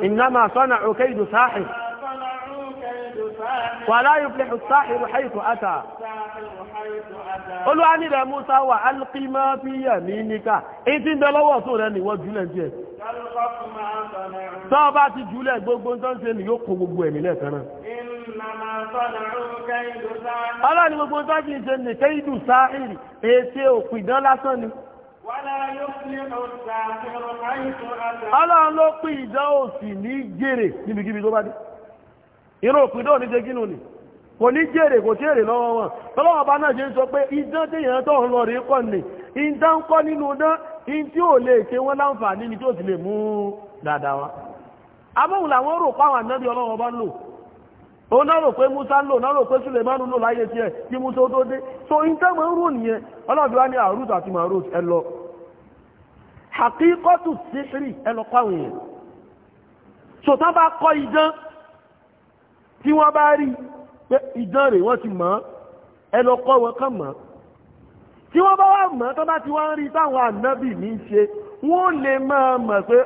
إنما صنعوا كيد ساحر ولا يفلح الساحر حيث أتى Olúwa ní rẹ̀ Musa wà alqi ma fi yaminika èyí tí ń bẹ lọ́wọ́ tó rẹ̀ níwọ́ jùlẹ̀ jẹ́ tọ́ bá ti jùlẹ̀ gbogbo tó ń ṣe ni yóò kó gbogbo ẹ̀mí lẹ́ẹ̀kan náà ọlọ́ni gbogbo tó fi ṣe lè ṣe ìdù sáàrì èsì òpìdán lásán ni ọlọ́run ló pín ìdán òsì ní jèrè níbikíbi tó bá dé irú òpìdán ò ní ṣe gínú ni kò ní jèrè kò jèrè lọ́wọ́ wọn tọ́lọ́wọ́ bá náà ṣe ń sọ pé ìdán téèyàn tó ń lọ rí kọ́ ni ìdán ń kọ́ nínú dán in tí ò lè ṣe wọ́n láǹfààní ni tí ò sì lè mú dáadáa wa amóhùn làwọn rò pàwọn ànábì ọlọ́wọ́ bá lò ó nárò pé Musa lò nárò pé Sulemanu lò láyé tí ẹ̀ kí Musa ó tó dé so in tẹ́ mọ̀ ń rò nìyẹn ọlọ́dúnwá ní àrùt àti marut ẹlọ àkíkọ́tù sífìrì ẹlọ pàwọn èèyàn so tán bá kọ́ idán tí wọ́n bá rí pé idán rẹ̀ wọ́n ti mọ̀ ẹlọ kọ́ wọn kàn mọ̀ tí wọ́n bá wà mọ̀ tán bá ti wá ń rí táwọn ànábì ní ṣe wọ́n lè máa mọ̀ pé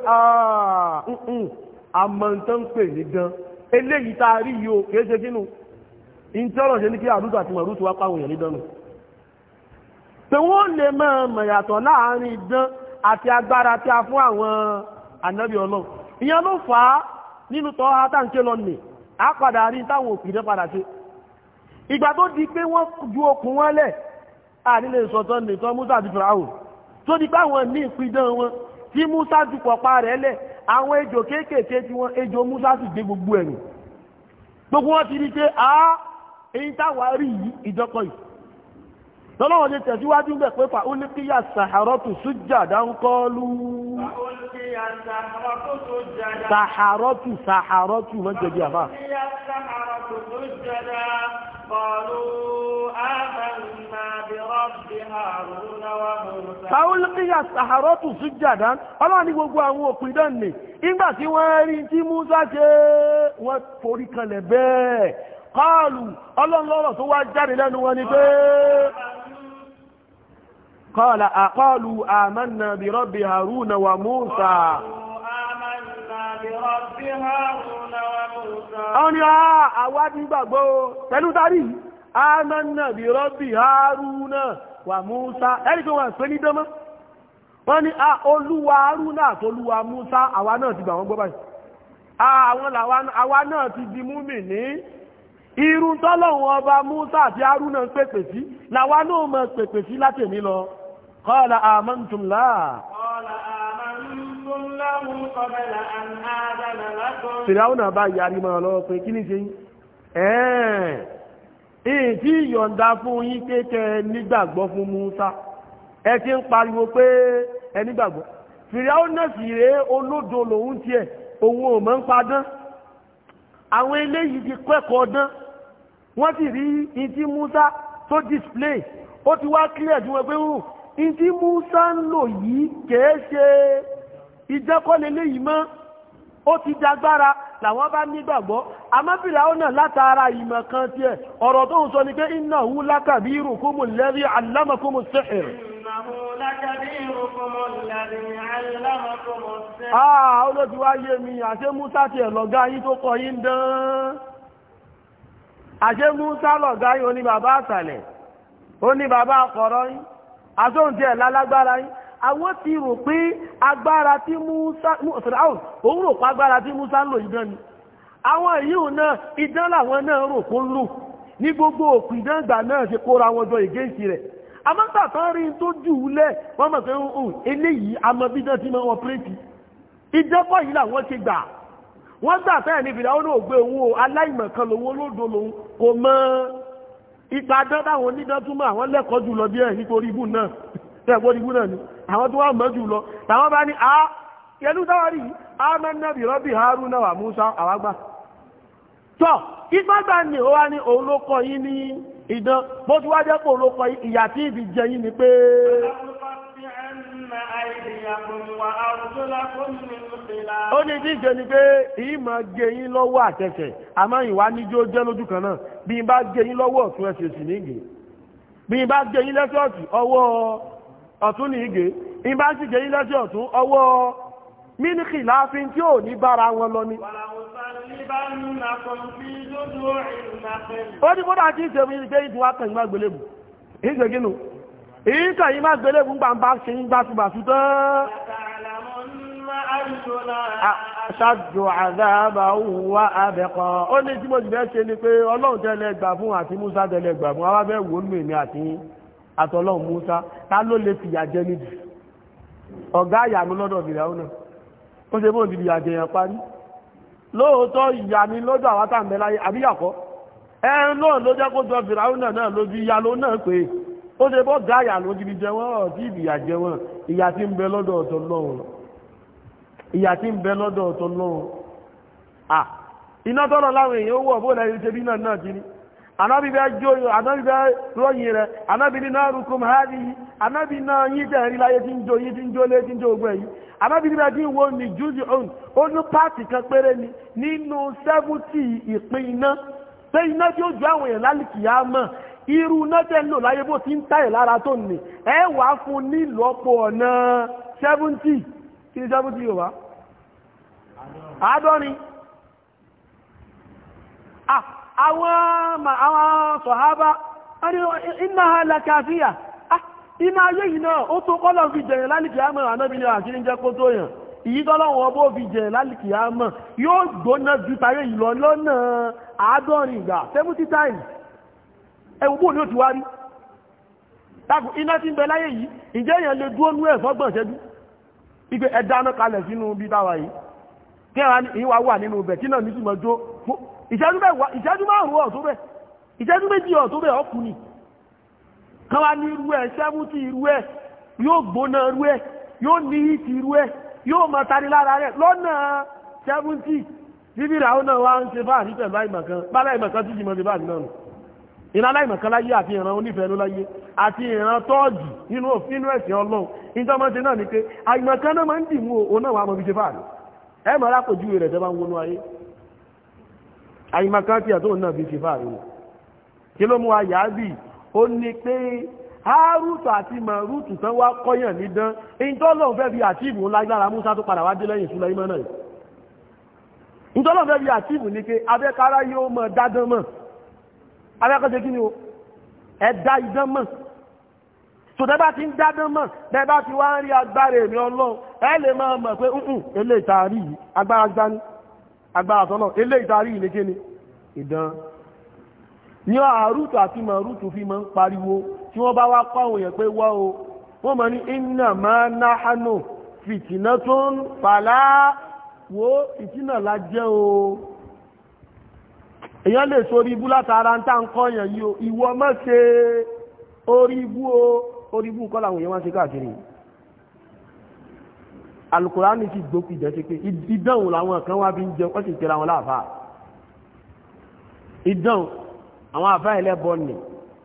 àmọ̀ tán pè ní dán eléyìí tá a rí yìí o kìí ṣe kínú ìntọ́rọ̀ ṣe ní kí àrútù àti màrútù wá pàwọn èèyàn nídánù pé wọ́n lè máa mọ̀yàtọ̀ láàrin ìdán àti agbára tí a fún àwọn ànábì ọlọ́run ìyẹn ló fà á nínú tọ́ àtàǹkè lọ nì á padà rí táwọn òpì padà ṣe ìgbà tó di pé wọ́n ju okùn wọn lẹ̀ à nílé ìsọ̀tọ́ nìtọ́ Musa àti Fìràwò tó di pé àwọn ní ìpìdán wọn tí Musa ju pọ̀pá rẹ̀ lẹ̀ àwọn ejò kéékèèké tí wọ́n ejò Musa sì gbé gbogbo ẹ̀rù gbogbo wọn ti rí pé a èyí táwa rí yìí ìjọkọ̀ yìí tọ́lọ́wọ́n lè tẹ̀síwájú bẹ̀ pé fàún ní kíyà sàhárọ́tù sujada ń kọ́lú sàhárọ́tù sàhárọ́tù wọ́n jẹ́ bí àfá قالوا آمنا برب هارون وموسى fàúlùkíyà sàárọ́tù sújàdá ọlọ́run ní gbogbo àwọn òpìdán nì ìgbà tí wọ́n rí tí Musa ṣe wọ́n forí kanlẹ̀ bẹ́ẹ̀ kọlù ọlọ́run tó wá jáde lẹ́nu wọn ni pé kọlù àkọlù àmànà bí rọ́bì Haruna wa Musa ọ̀nà àwádìí gbàgbọ́ pẹ̀lú tàrí àmànà bí rọ́bì Haruna wà Musa ẹni tó wà ń pè ní dánmọ́ wọ́n ní a ah, olúwa arúnà àti olúwa Musa àwa náà ti gbà wọ́n gbọ́ báyìí ah, àwọn àwa náà ti di múmi ní irun tọ́lọ̀wọ̀n ọba Musa àti arúnà pèpè sí làwa náà mọ̀ pèpè sí láti èmi lọ kọ́ọ̀lá àmọ́ntùm láà ìtí yọ̀ǹda fún yín kéèkẹ́ nígbàgbọ́ fún Musa ẹ ti ń pariwo pé ẹnigbàgbọ́ fìrìáwó náà sì rèé olódo lòun tiẹ̀ òun ò mọ̀ ń padán àwọn eléyìí ti kẹ́kọ̀ọ́ dán wọ́n sì rí ìtí Musa tó display ó ti wá clear ju wọn pé hù ìtí Musa ń lò yìí kèé ṣe ìjẹ́kọ́lélẹ́yìí mọ́ ó ti dagbára làwọn bá nígbàgbọ́ amábìlà ọ̀nà látara ìmọ̀ kan tí ẹ̀ ọ̀rọ̀ tó ń sọ ní pé iná hú lákàbírù kó mú lẹ́rí alámọ̀kúmù sẹ́hìr ah olóòtú wá yé mi àṣẹ Musa ti ẹ̀ lọ́gá yín tó kọ yín dán àṣẹ Musa lọ́gá yín ó ní bàbá àwọn ti rò pé agbára tí Musa fìràún òun rò pé agbára tí Musa ń lò idán ni àwọn yìí náà idán làwọn náà rò kó ń lò ní gbogbo òkú idán ìgbà náà ṣe kóra wọn jọ ìgéǹsì rẹ̀ amọ́gbà kan rí tó jù ú lẹ̀ wọ́n mọ̀ pé òun eléyìí amọ̀bídán tí wọ́n pírẹ́tì ìjẹ́kọ̀ yìí làwọn ti gbà wọ́n gbà fẹ́ẹ̀ ní fìdáwọ́ náà gbé òun o aláìmọ̀kan lòun olódo lòun kò mọ ipa dán táwọn onídán túmọ̀ àwọn lẹ́kọ̀ọ́ jù lọ bí ẹ̀ nítorí ibù náà tẹ́gbọ́n ibú náà ni àwọn tó wà mọ́ jù lọ tàwọn bá ní àá ah, yẹlú táwárí amẹ́nàbì rọ́bì haruna wà ó ní òun ìjẹ ni pé ìmọ̀ gé yín lọ́wọ́ àtẹsẹ̀ àmọ́ ìwà níjó jẹ́ lójú kan náà bí n bá gé lọ́wọ́ ọ̀tún ẹsẹ̀ sì nígè bí n bá gé yín ọwọ́ ọ̀tún ní igè ìbá sì gé ilẹ́sẹ̀ ọ̀tún ọwọ́ míníkì láàfin tí ò ní bára wọn lọ ni. ó ní kódà kí ìṣe mi gbé ìdíwá kan ìmá gbélébù ìṣe kínú ìkà ìmá gbélébù gbàǹbá ṣe ń gbásùbàṣù tán. Aṣájú àdáàbà wà àbẹ̀kọ́. Ó ní tí mo jù bẹ́ẹ̀ ṣe ni pé Ọlọ́run tẹ́lẹ̀ gbà fún àti Musa tẹ́lẹ̀ gbà fún, àwa bẹ́ẹ̀ wò ó àti yín àtọ́lọ́ Musa ta ló lè fìyà jẹ níbi ọ̀gá àyàmú lọ́dọ̀ fìyàwó náà ó ṣe bóun ti fìyà jẹ yẹn parí lóòótọ́ ìyà ni lọ́dọ̀ àwátà mẹ́láyé àbíyàkọ́ ẹ̀rùn náà ló jẹ́ kó jọ fìyàwó náà lójú ìyà ló náà pé ó ṣe bọ́ gá àyà lójú ibi jẹwọ́n ọ̀tí ìbìyà jẹwọ́n ìyà iná tọ́lọ̀ láwọn èèyàn ó wọ̀ bó lẹ́yìn náà náà ti ní anábì bẹ́ jóyò anábì bẹ́ ròyìn rẹ̀ anábì ní náà bi na yìí anábì náà yí bi rí láyé tí ń jó yìí tí ń jó lé wo ní onu kan péré ni nínú sẹ́fútì ìpín iná pé iná tí ó ju àwọn èèyàn lálìkìyà mọ̀ irú iná tẹ́ lò láyé bó ti ń lára tó nì ẹ wà fún ọ̀nà kí ni yóò wá àádọ́rin ah! àwọn sọ̀hábá iná alákàfíà iná ayé yìí náà ó tó kọ́lọ̀ fi jẹ̀yàn lálìkì àmọ́ ànábìnrin àti níjẹ́ kó tó yàn ìyí tọ́lọ́wọ́ bó fi jẹ̀yàn lálìkì àmọ́ yóò gbóná ju tayé yìí lọ lọ́nà àádọ́rin ìgbà 70 times ẹwù bóò ní ó ti wá rí tákù iná tí ń bẹ láyé yìí ìjẹ́ èèyàn lè dúó nú ẹ̀fọ́gbọ̀n ṣẹ́jú ipe ẹ̀dáná kalẹ̀ sínú bí táwa ìṣẹ́jú márùn-ún ọ̀tún bẹ̀ ìṣẹ́jú méjì ọ̀tún bẹ̀ ọkùn ni káwà ní irú ẹ̀ sẹ́mútì irú ẹ̀ yóò gbóná irú ẹ̀ yóò ní ìtì irú ẹ̀ yóò máa lára rẹ̀ lọ́nà náà wá ń ṣe báàrí pẹ̀lú àìmọ̀kan bálá ìmọ̀kan tí jìmọ̀ àyìnmakan tí àtòun náà fi ṣe fáàrí rẹ̀ kí ló mú àyàbì ó ní pé hárùtù àti màrùtù tán wá kọ́yàn nídán ìtọ́lọ́n fẹ́ fi àtìbù lágbára Musa tó padà wá dé lẹ́yìn súnlẹ̀ ìmọ̀ náà ìtọ́lọ́n fẹ́ fi àtìbù ní pé abẹ́kára yóò mọ̀ dádán mọ̀ agbára tọ́lọ̀ ilé ìtarí ìlékè ni ìdán ní àrùtù àti màrùtù fi máa ń pariwo tí wọ́n bá wá pàwọn èèyàn pé wá o wọ́n mọ̀ ní iná máa náhánù fìtìnà tó ń pàlá wo ìtìnà la jẹ́ o èèyàn lè sórí ibú látara ń tà ń kọ́yàn o ìwọ má ṣe orí ibú o orí ibú kọ́ alukurani ti gbókù jẹ́ pé ìdánwò làwọn kan wá bí ń jẹ wọ́n sì tẹ́ra wọn láàfà ìdánwò àwọn àfà ẹlẹ́bọ ni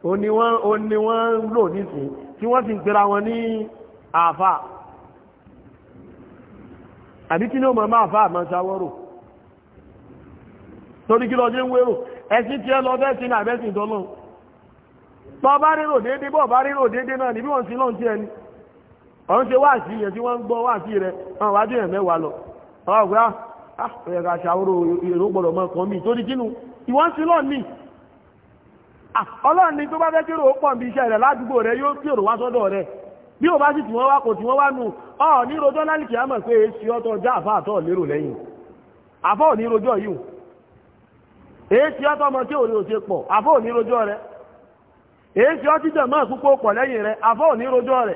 òní wọ́n ń lò nísìn tí wọ́n sì ń tẹ́ra wọn ní àfà àbí kí ní ọmọ máa àfà àmọ́ sáwọ́rò torí kí lọ́jọ́ ń wérò ẹ̀sìn tí ẹ lọ bẹ́ẹ̀ sí ní àbẹ́sìn tọ́lọ́ ọ̀n ṣe sí yẹn tí wọ́n ń gbọ́ wáàsí rẹ̀ àwọn wá yẹn mẹ́wàá lọ ọ̀rọ̀ ọ̀gbá ẹ̀yẹ èrò gbọ́dọ̀ mọ́ kan torí kínú ìwọ́n sí ní. ọlọ́ọ̀ni ah, tó bá fẹ́ kírò pọ̀ bí iṣẹ́ rẹ̀ ládùúgbò rẹ̀ yóò rẹ̀ bí ò bá sì tí wọ́n wá kò tí wọ́n wá nù ọ̀ ní rojọ́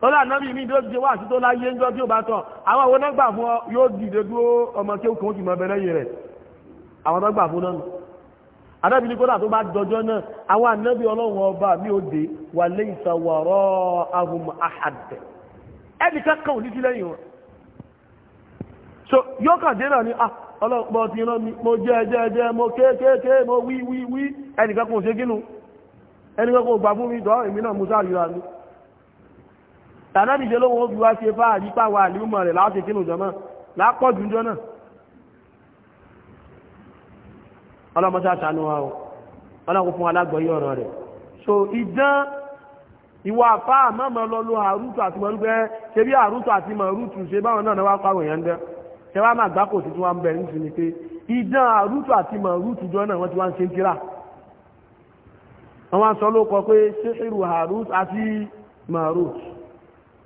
tọ́lá nọ́bí mi tó jẹ́ wà sí tó láyé ńjọ́ tí ó bá tọ́ àwọn àwọn ọ̀nà gbà fún ọ yóò dìde dúró ọmọ tí ó kàn ó ti mọ ẹbẹ lẹ́yìn rẹ̀ àwọn ọ̀nà gbà fún náà adábìlí kódà tó bá dọjọ́ náà àwọn ànábì ọlọ́run ọba mi ò dé wà lẹ́yìn sàwọ̀rọ̀ ahùn àhàdẹ̀ ẹnì kankan ò ní sí lẹ́yìn wọn so yóò kàn dé náà ni ah ọlọ́pọ̀ ti rán mi mo jẹ́ jẹ́ jẹ́ mo kéékèèké mo wí wí wí ẹnì kankan ò ṣe gínú ẹnì kankan ò gbà fún mi tọ́ èmi náà mo sáré tàbí ìṣe lówó ó fi wá ṣe fáà yípa wa àlìúmọ̀ rẹ̀ láti kínú jọmọ́ lápọ̀jù jọ náà ọlọ́mọṣá ṣàánú wa o ọlọ́run fún alágbọ̀yé ọ̀rọ̀ rẹ̀ so ìdán ìwà àfá àmọ́mọ́ lọ lo àrùtù àti mọ̀rúgbẹ́ ṣe bí àrùtù àti mọ̀rútù ṣe báwọn náà wá pàwọn èèyàn dẹ́ ṣe wá máa gbákò sí tí wọ́n ń bẹ̀rẹ̀ nítorí ni pé ìdán àrùtù àti mọ̀rútù jọ ṣe ń kíra àti mọ̀rútù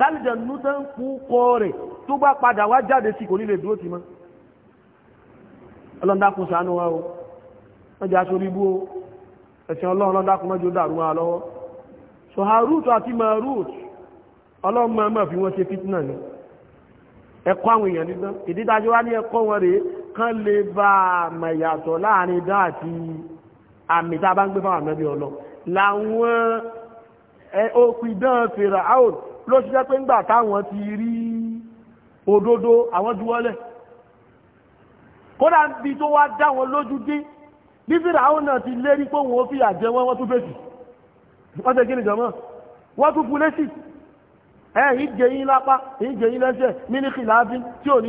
tálìjẹ̀ nú tó ń kú kọ rẹ̀ tó bá padà wá jáde sí kò nílé dúró ti mọ́ ọlọ́ndákun ṣàánú wa o wọ́n jẹ́ aṣọ orígbó ẹ̀sìn ọlọ́run ọlọ́ndákun mọ́jú dàrú wa lọ́wọ́ so harut àti marut ọlọ́run mọ́ mọ́ fi wọ́n ṣe fitna ni ẹ̀kọ́ àwọn èèyàn dídán ìdídájọ́ wá ní ẹ̀kọ́ wọn rèé kán lè bá mẹ̀yàtọ̀ láàrin dá àti àmì tá a bá ń gbé fáwọn àmẹ́bí ọlọ́ làwọn okùn ìdán fèrè out ló ṣiṣẹ́ pé ńgbà táwọn ti rí òdodo àwọn juwọ́lẹ̀ kódà bí tó wá dá wọn lójú dé bí fìràwọ̀ náà ti lérí pé òun ó fi àjẹ wọn wọ́n tún fèsì wọ́n tẹ́ gínì jọmọ́ wọ́n tún fún lẹ́sì ẹ̀yìn jẹyìn lápá èyí jẹyìn lẹ́sẹ̀ mílíkì láàbí tí ò ní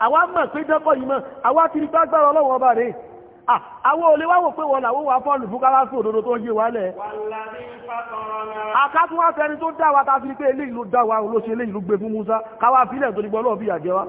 àwa mọ̀ pé dẹ́kọ̀ yìí mọ̀ àwa ti rí gbágbára ọlọ́run ọba rẹ̀ àwọn olè wá wò pé wọ́n làwọ́ wà fọ́ọ̀lù fún káwá fún òdodo tó ń yé wa lẹ̀ akátún wá fẹni tó dá wa ta fi pé eléyìí ló dá wa ló ṣe eléyìí ló gbé fún Musa káwá fílẹ̀ tó ní gbọ́ lọ́ọ̀bí àjẹ́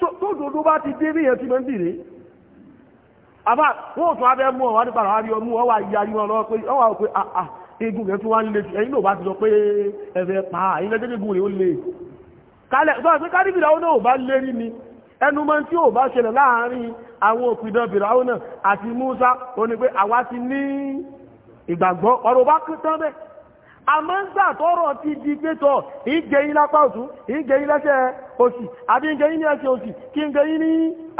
tó dòdó bá ti dé ríyàn tí mọ́ ń dìre àbá wọ́n tún abẹ́ mú ọ̀wá nípa àárí ọmú ọwà ìyarí wọn lọ pé ọwà pé àà ah, ah, egun rẹ̀ tún wá ń lè ẹ̀yìn ló bá ti sọ pé ẹ̀fẹ̀ pa àyín lẹ́jẹ́ egun rẹ̀ ó lè kalẹ̀ tó àti kárí bìrà ọ̀nà ò bá lérí ni ẹnu mọ́ tí ò bá ṣẹlẹ̀ láàárín àwọn òpìdán bìrà ọ̀nà àti Musa ó ní pé àwa ti ní ìgbàgbọ́ ọ̀rọ̀ bá kú tán bẹ́ẹ̀ àmọ́ ń gbà ti di pé tọ́ ìgẹ̀yìn lápá ọ̀tún ìgẹ̀yìn lẹ́sẹ̀ òsì àbí ìgẹ̀yìn ní ẹsẹ̀ òsì kí ń gẹ̀yìn ní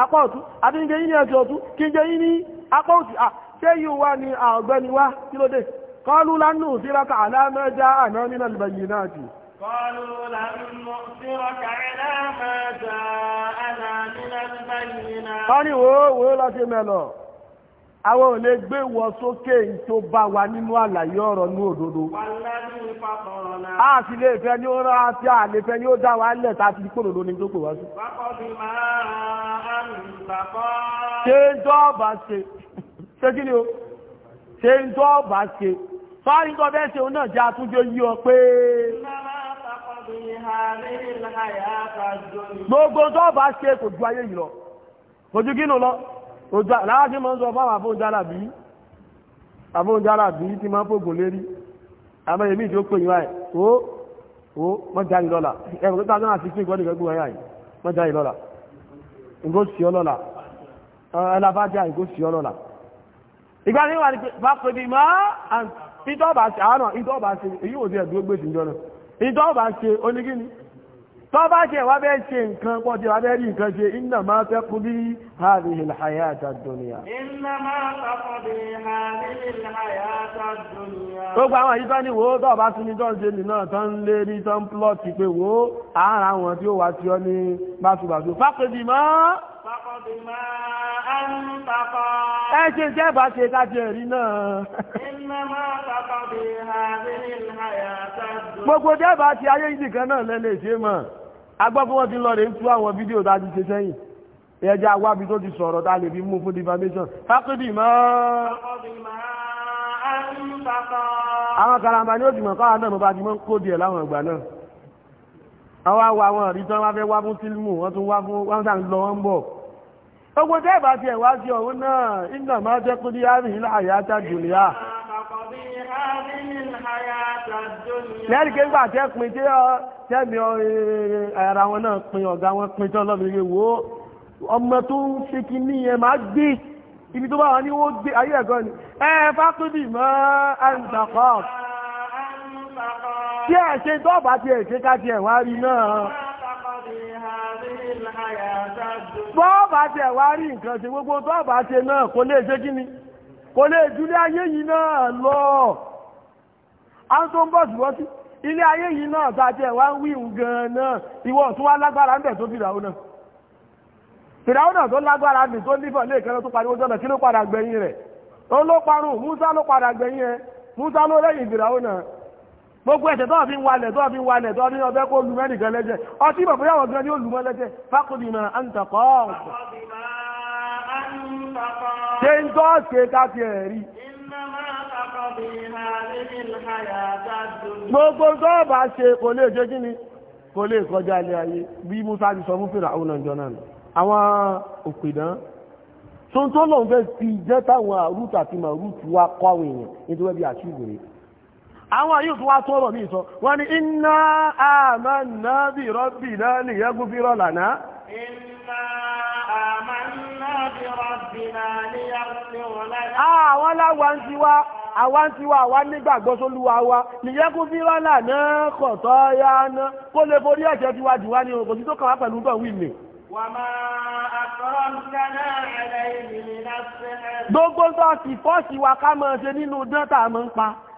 apá ọ̀tún àbí ìgẹ̀yìn ní ẹsẹ̀ ọ̀tún kí ń gẹ̀yìn ní apá òsì ṣé yìí wá ní ọ̀gbẹ́ni wá kí ló dé kọlu lánà òsíraka àlámẹ́já àná nínú ìbẹ̀yìn náà ti قالوا لن نؤثرك àwọn ò lè gbé wọ sókè tó bá wa nínú àlàyé ọ̀rọ̀ ní òdodo. a sì lè fẹ́ ní ó rán àti àlè fẹ́ ní ó dá wa lẹ̀ tá a ti di kòròdó ní tó pè wá sí. ṣé ń tọ́ ọ̀bà ṣe ṣé kí ni o ṣé ń tọ́ ọ̀bà ṣe sọ́ọ́rí tó bẹ́ẹ̀ ṣe òun náà jẹ́ àtúnjọ yí ọ pé. gbogbo tó bá ṣe kò ju ayé yìí lọ ju kí nù láwọn tí máa ń sọ fáwọn afóúnjálàbí afóúnjálàbí tí máa ń fògùn lérí àmọ́ èmi ìjọ pè yíwá ẹ̀ ó ó wọ́n já ìlọ́la ẹ̀rọ tó tàbí àti fún ìgbọ́dọ̀ gbogbo ẹ̀yà yìí wọ́n já ìlọ́la ìgò sí ọlọ́la ẹlàbájá ìgò sí ọlọ́la ìgbà ní wà ní pé bá pè bí máa ìdọ́ọ̀bà ṣe àárọ̀ ìdọ́ọ̀bà ṣe èyí ò tó bá ṣe wá bẹ́ ṣe nǹkan pọ̀ tí wá bẹ́ rí nǹkan ṣe iná máa fẹ́ kú bí hadhihi al-hayata ad-dunya. iná máa fẹ́kù bí hadhihi al-hayata ad-dunya. gbogbo àwọn yìí tó ní wo tó bá tún ní tó ń ṣe nìna tó ń lé ní tó ń plọ́ọ̀tì pé wo ara wọn tí ó wá sí ọ ní báṣubàṣu fákòdì mọ́. fákòdì mọ́ ẹ̀ ń ẹ ṣe jẹ́ bá ṣe kájí ẹ̀rí náà. iná máa fẹ́kù bí al-hayata ad-dunya. gbogbo dẹ́bàá ti ayé ìdìkan náà lẹ́lẹ́ ṣe mọ̀ agbáfọwọ́ ti lọ rẹ̀ ń tú àwọn fídíò tá a ti ṣe sẹ́yìn ẹjẹ́ agbábi tó ti sọ̀rọ̀ tá a lè fi mú fún defamation fákìdì mọ́ àwọn karamba ni ó ti mọ̀ káwọn náà bá ti mọ́ kó díẹ̀ láwọn ìgbà náà àwọn awọ àwọn àrítán wá fẹ́ wá fún sílmù wọ́n tún wá fún wọ́n sàn lọ wọ́n bọ̀ ogun tẹ́ẹ̀bà ti ẹ̀wá sí ọ̀hún náà ìgbà máa jẹ́ kó ní àárín ìlà àyájá jùlíà lẹ́yìn kí n gbà tẹ́ pin tí ọ tẹ́mi ara wọn náà pin ọ̀gá wọn pin tí ọlọ́run yẹ wò ó ọmọ tó ń ṣe kí ní ẹ máa gbé ibi tó bá wọn ní wọ́n gbé ayé ẹ̀gọ́ ni ẹ fákúndì mọ́ àǹtàkọ́ tí ẹ̀ ṣe tó bá ti ẹ̀ ṣe ká ti ẹ̀wọ̀n rí náà bọ́ọ̀bá ti ẹ̀wọ̀n rí nǹkan ṣe gbogbo tó bá ṣe náà kò lè ṣe kí ni kò lè jùlé ayé yìí náà lọ a ń tó ń bọ̀ ṣùgbọ́n sí ilé ayé yìí náà tàjẹ́ wà ń wíhùn gan náà ìwọ tún wá lágbára ń tó náà náà tó lágbára ń tó nífọ̀ lè kẹ́rọ tó pariwo jọ́nà padà gbẹ̀yìn rẹ̀ ó ló parun Musa ló padà gbẹ̀yìn Musa ló lẹ́yìn náà gbogbo tó fi ń fi ń ṣe ń tọ́ ṣe káti ẹ̀rí. gbogbo tó bá ṣe kò lè ṣe kí ni kò lè kọjá ilé ayé bí Musa ti sọ fún fèrè àwọn ọjọ́ náà àwọn òpìdán tó ń tó lòun fẹ́ fi jẹ́ táwọn àrùtù àti màrùtù wa kọ́ àwọn èèyàn nítorí bí àṣìgbò rẹ̀ àwọn yóò tó wá tọ́rọ̀ ní ìsọ wọ́n ni inna amanna bi rabbina liyagfira lana àwọn aláwa ah, ń tiwa àwa ń tiwa àwa nígbàgbọ́ sólúwa wa nìyẹn kún fi rọ́nà náà kọ̀tọ́ ya ná kó lè forí ẹ̀jẹ̀ tiwa jù wá ní òkò tí tó kàn wá pẹ̀lú bọ̀ wí lè. gbogbo sọ́ọ̀sì fọ́ọ̀sì wa ká máa ṣe nínú dán tá a máa ń pa.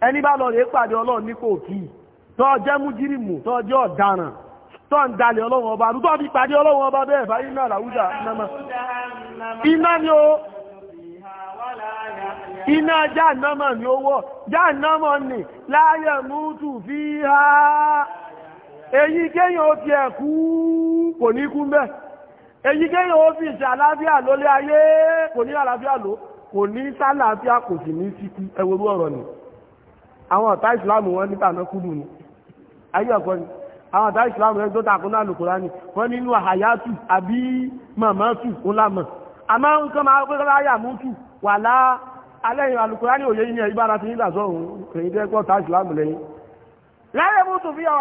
ẹni bá lọ rèé pàdé ọlọ́run ní kò kí tọ́ jẹ́ mújírìmù tọ́ jẹ́ ọ̀daràn tọ́ ń dalẹ̀ ọba àdúgbò bí pàdé ọlọ́run ọba bẹ́ẹ̀ bá iná náà iná ni ó iná jáànámọ̀ ni ó ni mútù fi ha èyí kéyàn ó kò ní kú mẹ́ èyí kéyàn ó fi kò ní àlàáfíà kò ní sálàáfíà kò ní síkú àwọn ọ̀tá ìsìláàmù wọn níta náà kúrú ni ayé ọ̀kọ́ ni àwọn ọ̀tá ìsìláàmù ẹni tó takún náà lòkúrá ni wọ́n nínú àyátù àbí màmátù ńlámọ̀ àmọ́ nǹkan máa pé kọ́lá yàmú tù wà lá alẹ́yìn alùkúrá ní òye ní ẹ̀yí bára ti ń gbà sọ́hun kèyí tẹ́ pọ́ ọ̀tá ìsìláàmù lẹ́yìn láyé mú tún fi yà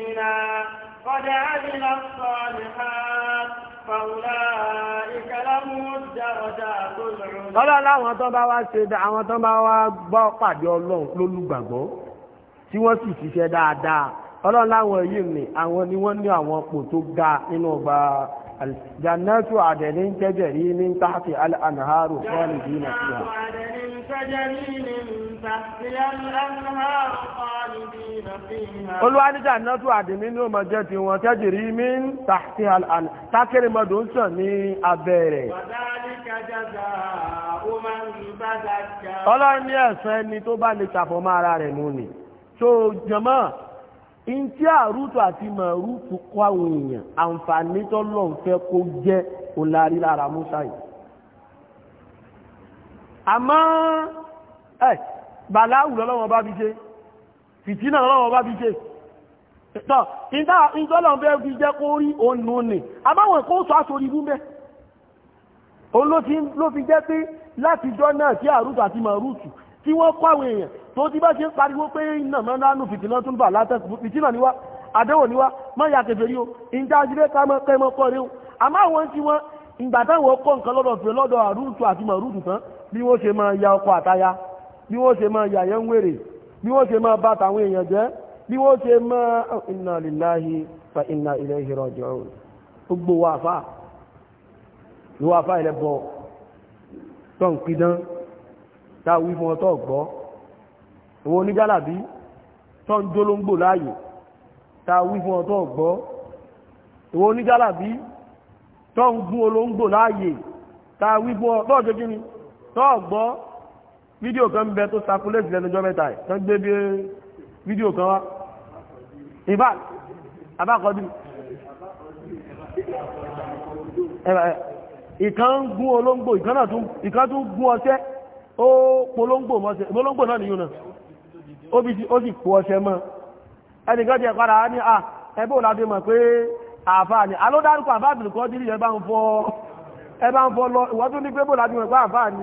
wọn قد عمل الصالحات فأولئك لهم الدرجات العلى Ọlọ́run láwọn tó bá wá ṣe àwọn tó bá wá gbọ́ pàdé Ọlọ́run lólùgbàgbọ́ tí wọ́n sì ṣiṣẹ́ dáadáa Ọlọ́run láwọn yìí ni àwọn ni wọ́n ní àwọn pò tó ga nínú ọgbà jannatu àdẹ̀ní olùwádìjà nọ́tù àdìmí ní ọmọ jẹ́ ti wọn tẹ́jìrí mi ń tàkí àlàní tákìrì mọ́dọ̀ ń sàn ní abẹ́ rẹ̀. ọlọ́run ní ẹ̀sán ẹni tó bá lè ṣàfọ̀mọ́ ara rẹ̀ mú ni tó jẹmọ́ ìntí àrùtù àti màrùtù kọ́ àwọn èèyàn àǹfààní tọ́lọ́run fẹ́ kó jẹ́ òlárí lára Mùsá yìí bàláwù lọ́wọ́ bá bí ṣe fìtínà lọ́wọ́ bá bí ṣe tọ́ ìtọ́lọ̀ bẹ́ fi jẹ́ kó rí ònú nì àbáwọn kó sọ aṣòrí ibú mẹ́ ló fi jẹ́ pé láti jọ náà tí àrùtù àti màrùtù tí wọ́n kọ́ àwọn èèyàn tó ti bá ṣe ń pariwo pé iná mẹ́ránù fìtínà tún bà látẹ́sù fìtínà níwá àdẹ́wò níwá mọ́ ya kẹfẹ́ rí o ìjà ajílẹ̀ kẹmọ́ kọ́ rí o àmọ́ àwọn tí wọ́n ìgbà kọ́ nǹkan lọ́dọ̀ fẹ́ lọ́dọ̀ àrùtù àti màrùtù tán bí wọ́n ṣe máa ya ọkọ̀ àtaya bí wọ́n ṣe máa yàyẹ́ ń wèrè bí wọ́n ṣe máa bá tàwọn èèyàn jẹ́ bí wọ́n ṣe máa inna lillahi fa inna ilayhi raji'un gbogbo wa fa ìwà fa ilẹ̀ bọ̀ tó ń pidán tá a wí fún ọ tó gbọ́ ìwọ oníjàlàbí tó ń jólóńgbò láàyè tá a wí fún ọ gbọ́ ìwọ oníjàlàbí tó ń gún olóńgbò láàyè tá a wí fún ọ tó ṣe kí gbọ́ fídíò kan bẹ tó sakulé sílẹ̀ lọ́jọ́ mẹ́ta ẹ̀ tán gbé bí fídíò kan wá ìbá abákọ́dù ìkan ń gún olóńgbò ìkan tún gún ọṣẹ́ ó polóńgbò mọ́ṣẹ́ polóńgbò náà nìyún náà ó sì kó ọṣẹ́ mọ́ ẹnìkan jẹ́ padà ní à ẹbí ò láti mọ̀ pé àfáà ni alódárúkọ àfáà bìrìkọ́ dírí ẹ bá ń fọ́ lọ ìwọ́n tún ní pé bò láti mọ̀ pé àfáà ni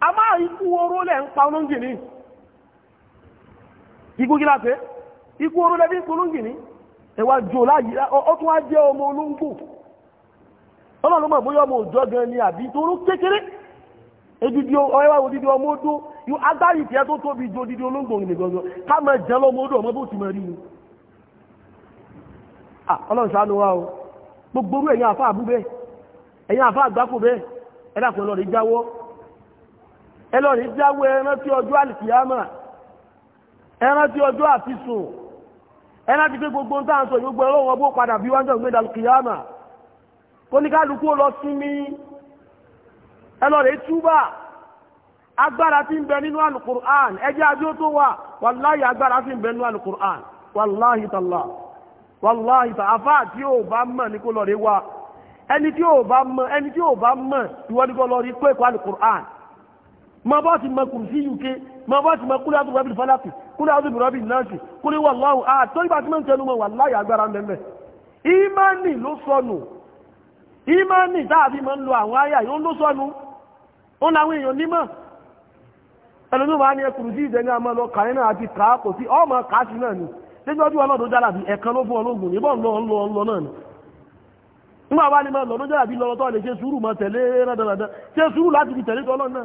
a máa ikú oró lẹ̀ ń pa olóńgì ní ikú kí láti ikú oró lẹ́bí ikú olóńgì ní ẹwà jò láyé ó tún wá jẹ́ ọmọ ni àbí kékeré odidi ọmọ ọmọ bó ti mọ̀ rí ni ọlọ́run wa gbogbo orú ẹ̀yìn àfáà bú bẹ́ẹ̀ ẹ̀yìn àfáà gbáko bẹ́ẹ̀ ẹ̀dàkùn ẹlọ́rin jáwé ẹran tí ọjọ́ alìkìyàmà ẹran tí ọjọ́ àfisùn ẹran tí pé gbogbo ń sọ ìgbogbo padà bí wájọ ìgbé dàlùkìyàmà kó ní kálukú lọ sinmi ẹlọ́rin túbà agbára tí ń bẹ nínú alukur'an ẹjẹ́ ajó tó wà wàláhì agbára ń bẹ nínú alukur'an wàláhì wàláhì tí ó bá mọ̀ ní kó lọ rí wa ẹni tí ó alukur'an ma bá ti ma kùrùsí uk ma bá ti ma kúlẹ̀ àdúgbò rábìlì fálákì kúlẹ̀ àdúgbò rábìlì náàṣì kúlẹ̀ wà láhùn àtọ́rí bá ti mọ́ tẹnu mọ́ wà láyà agbára mẹ́mẹ́ ìmánì ló sọnù ìmánì táàbí ma ń lo àwọn àyà yóò ló sọnù ó láwọn èèyàn nímọ̀ ẹlòmí wa ni ẹ kùrùsí ìdẹni àmọ́ lọ kàáyé náà àti kàá kò sí ọmọ kàá sí náà ni lẹ́jọ́ bí wọn lọ́dọ̀ jálàbí ẹ̀kan ló fún ọlọ́gùn níbọ̀ ń lọ ń lọ ń lọ náà ni nígbà wá ní ma lọ́dọ̀ jálàbí lọ́rọ̀ tó lè ṣe sùúrù ma tẹ̀lé rádàrádà ṣe sùúrù láti fi tẹ̀lé tọ́lọ́ náà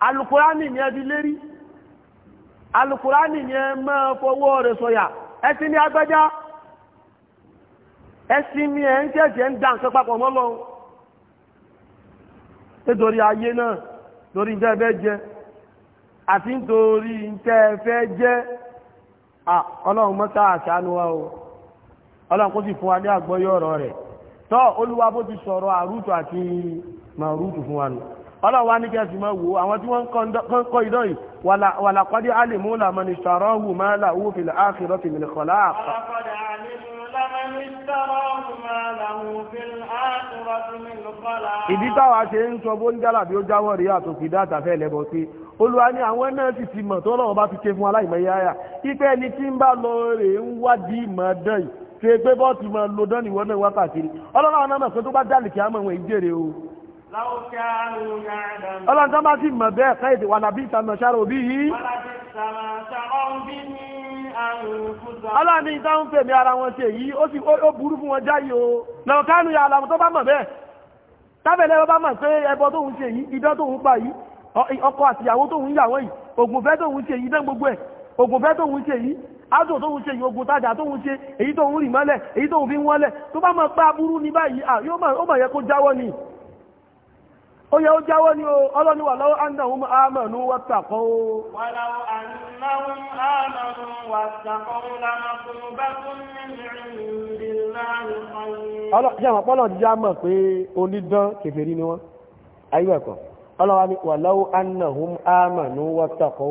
alukurani ni ẹbí lérí alukurani ni ẹ máa fọwọ́ rẹ̀ sọ̀yà ẹsìn ní agbájá ẹsìn ní ẹ ń tẹ̀sẹ̀ ń dà nǹkan papọ̀ mọ́ nítorí ayé náà lórí ń tẹ́ jẹ àti nítorí ń jẹ o ọlọ́run kó sì fún wa ní àgbọ́yọ̀ ọ̀rọ̀ rẹ̀ tọ́ olúwa bó ti sọ̀rọ̀ àrùtù àti ọlọ́wà ní kí ẹsùn máa wò àwọn tí wọ́n ń kọ́ idán yìí wàlàkọ́dé alìmú làmọ́ni ṣàrọ́hù máa làwó fìlà áàkìrọ́ fìlà kọ̀lá àpá. ìdí táwa ṣe ń sọ bó ń jálà bí ó jáwọ́ rí àtòkì dáta fẹ́ lẹ́bọ̀ sí olúwa ní àwọn náà sì ti mọ̀ tó lọ́wọ́ bá fi fún aláìmọye àyà ipe tí ń bá lọ rè ń wádìí ìmọ̀ dán yìí ṣe pé bọ́ọ̀tì máa lo dán ìwọ náà wákàtí ọlọ́run náà mọ̀ pé tó bá jálì kí á mọ̀ wọn ìjèrè o ọlọ́run tó bá ti mọ̀ bẹ́ẹ̀ fẹ́ẹ̀dì wà lábí ìtànà ṣára òbí yìí ọlọ́run ní ìtàn ń fèmí ara wọn ṣe yìí ó sì ó burú fún wọn jáyìí o lọ́kánú ya alámù tó bá mọ̀ bẹ́ẹ̀ tábẹ̀lẹ́ bá mọ̀ pé ẹbọ tóun ṣe yìí idán tóun pa yìí ọkọ àtìyàwó tóun yà wọ́n yìí ògùnfẹ́ tóun ṣe yìí idán gbogbo ẹ̀ ògùnfẹ́ tóun ṣe yìí ádùn tóun ṣe yìí ogun tájà tóun ṣe èyí tóun rì mọ́lẹ̀ èyí tóun fi ń wọ́lẹ̀ tó bá mọ̀ pé aburú ní báyìí ó mọ̀ yẹ kó jáwọ́ ni ó yẹ ó jáwọ́ ní o ọlọ́ni wà lọ́wọ́ annahum amanu wattaqu wàláwọ́ annahum amanu wattaqu lamaqubatun min indillahi khayr jẹ́mọ̀ pọ́lọ̀ jíjá mọ̀ pé onídán kèfèrí ni wọ́n ayé ẹ̀kọ́ ọlọ́wà ní wàláwọ́ annahum amanu wattaqu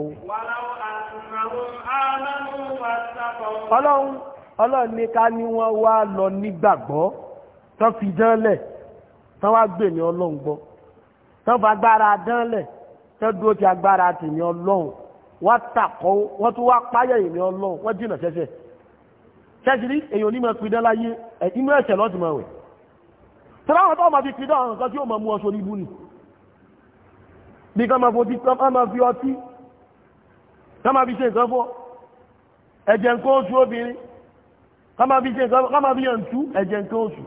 ọlọ́ni ká ní wọ́n wá lọ nígbàgbọ́ tán fi jẹ́lẹ̀ tán wá gbè ní ọlọ́ngbọ́n tán fa agbára dánlẹ̀ tán dúró ti agbára tèmi ọlọ́run wọ́n tàkọ́ wọ́n tún wá páyà èmi ọlọ́run wọ́n jìnà sẹ́sẹ̀ sẹ́sì rí èyàn onímọ̀ pidán láyé inú ẹ̀sẹ̀ lọ́tì mọ̀ wẹ̀ tọ́láwọn tó máa fi pidán àwọn nǹkan tí ó máa mú ọṣọ níbú ni bí kan máa fi ọtí kan máa fi ṣe nǹkan fọ́ ẹ̀jẹ̀ nǹkan oṣù obìnrin kan máa fi ṣe nǹkan kan máa fi yàn tú ẹ̀jẹ̀ nǹkan oṣù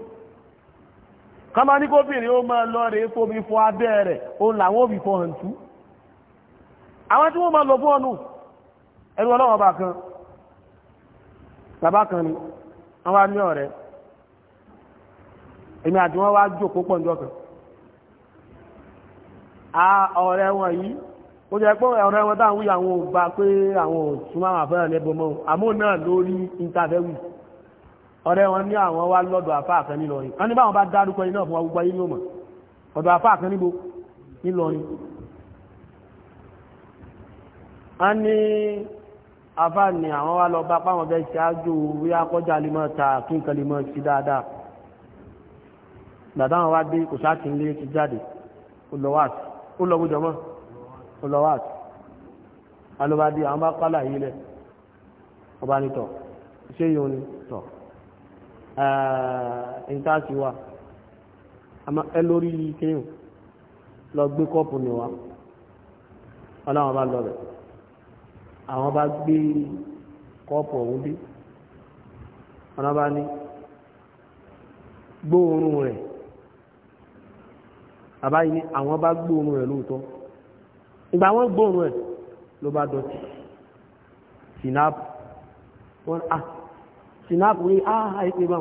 kọ́má ní kóbìnrin ó máa lọ rèé fómi fún abẹ́ rẹ̀ òun làwọn òbí fọ́ hàn tú àwọn tí wọ́n máa lọ fún ọ̀nù ẹ̀rù ọlọ́wọ́ bá kan bàbá kan ni a ọ̀rẹ́ wọn yìí ó jẹ́ pé ọ̀rẹ́ wọn táwọn wí àwọn ò bá pé àwọn ò ọ̀rẹ́ wọn ní àwọn wá lọ́dọ̀ àfáà kan nílọrin wọ́n ní báwọn bá dárúkọ iná fún agbúgbà yìí ní òmà ọ̀dọ̀ àfáà kan níbo nílọrin wọ́n ní àfáà ní àwọn wá lọ bá páwọn bẹ́ ṣáájú orí akọ́jà lè mọ́ ta kí nǹkan sí dáadáa dàdá wọn wá dé kò sáà tọ̀ ìntáàtì eh, wa ẹ lórí kíyàn lọ gbé kọ́pù ní wa ọláwọn bá lọ rẹ̀ àwọn bá gbé kọ́pù ọ̀hún dé ọ̀nà bá ní gbóòórùn rẹ̀ àbáyé ní àwọn bá gbóòórùn rẹ̀ lóòótọ́ ìgbà wọn gbóòórùn rẹ̀ ló bá dọ̀tí sinapu wọn ah sinapu ní àhà ah, ìpé bá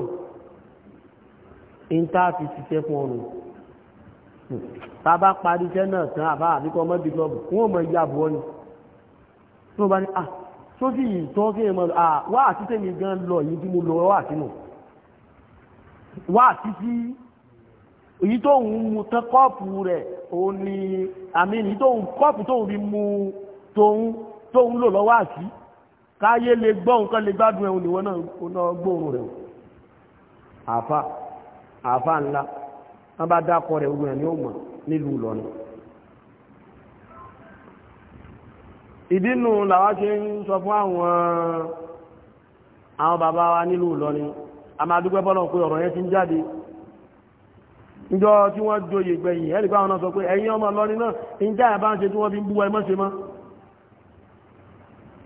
ń tá fi ṣiṣẹ́ fún ọrùn tàbá parí iṣẹ́ náà tán àbá àbíkọ́ mọ́bí klọ́bù wọ́n mọ̀ ìyá àbúwọ́ ni tí wọ́n bá ní ah sójú yìí tó kí ẹmọ ah, wá àti tèmi gan lọ yìí tí mo lọ wá àti nù wá àti sí èyí tó ń mu tán kọ́ọ̀pù rẹ̀ òun ni àmì èyí tó ń kọ́ọ̀pù tó ń rí mu tó ń lò lọ́wọ́ àti káyé lè gbọ́ nǹkan lè gbádùn ẹ̀hùn ìwọ náà gbóòrùn rẹ̀ àfà àfà ńlá wọ́n bá dákọ̀ rẹ̀ ogun ẹ̀ ní òmà nílùú Ìlọrin ìdínú làwọn ṣe ń sọ fún àwọn àwọn bàbá wa nílùú Ìlọrin a máa dúpẹ́ bọ́lọ̀ pé ọ̀rọ̀ yẹn ti ń jáde níjọ́ tí wọ́n joyè gbẹ̀yìn ẹ̀rì pé àwọn náà sọ pé ẹ̀yin ọmọ Ìlọrin náà ń já àbá ń ṣe tí wọ́n fi ń bú ẹmọ́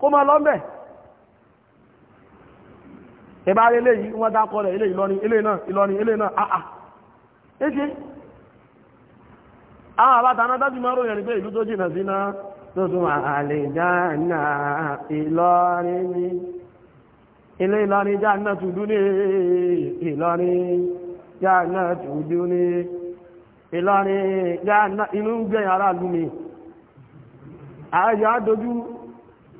kó máa lọ́mẹ́ ẹ̀bá eléyìí wọ́n dákọ́ rẹ̀ eléyìí Ìlọrin eléyìí náà Ìlọrin eléyìí náà àà éṣe àwọn àbátaná dájú máa ròyìn pé ìlú tó jìnà sí náà tó tún àlè jáàna Ìlọrin ile ilé Ìlọrin jáàna tùdú ní Ìlọrin ní Ìlọrin jáàna inú ń gbẹ̀yìn aráàlú mi àyà dojú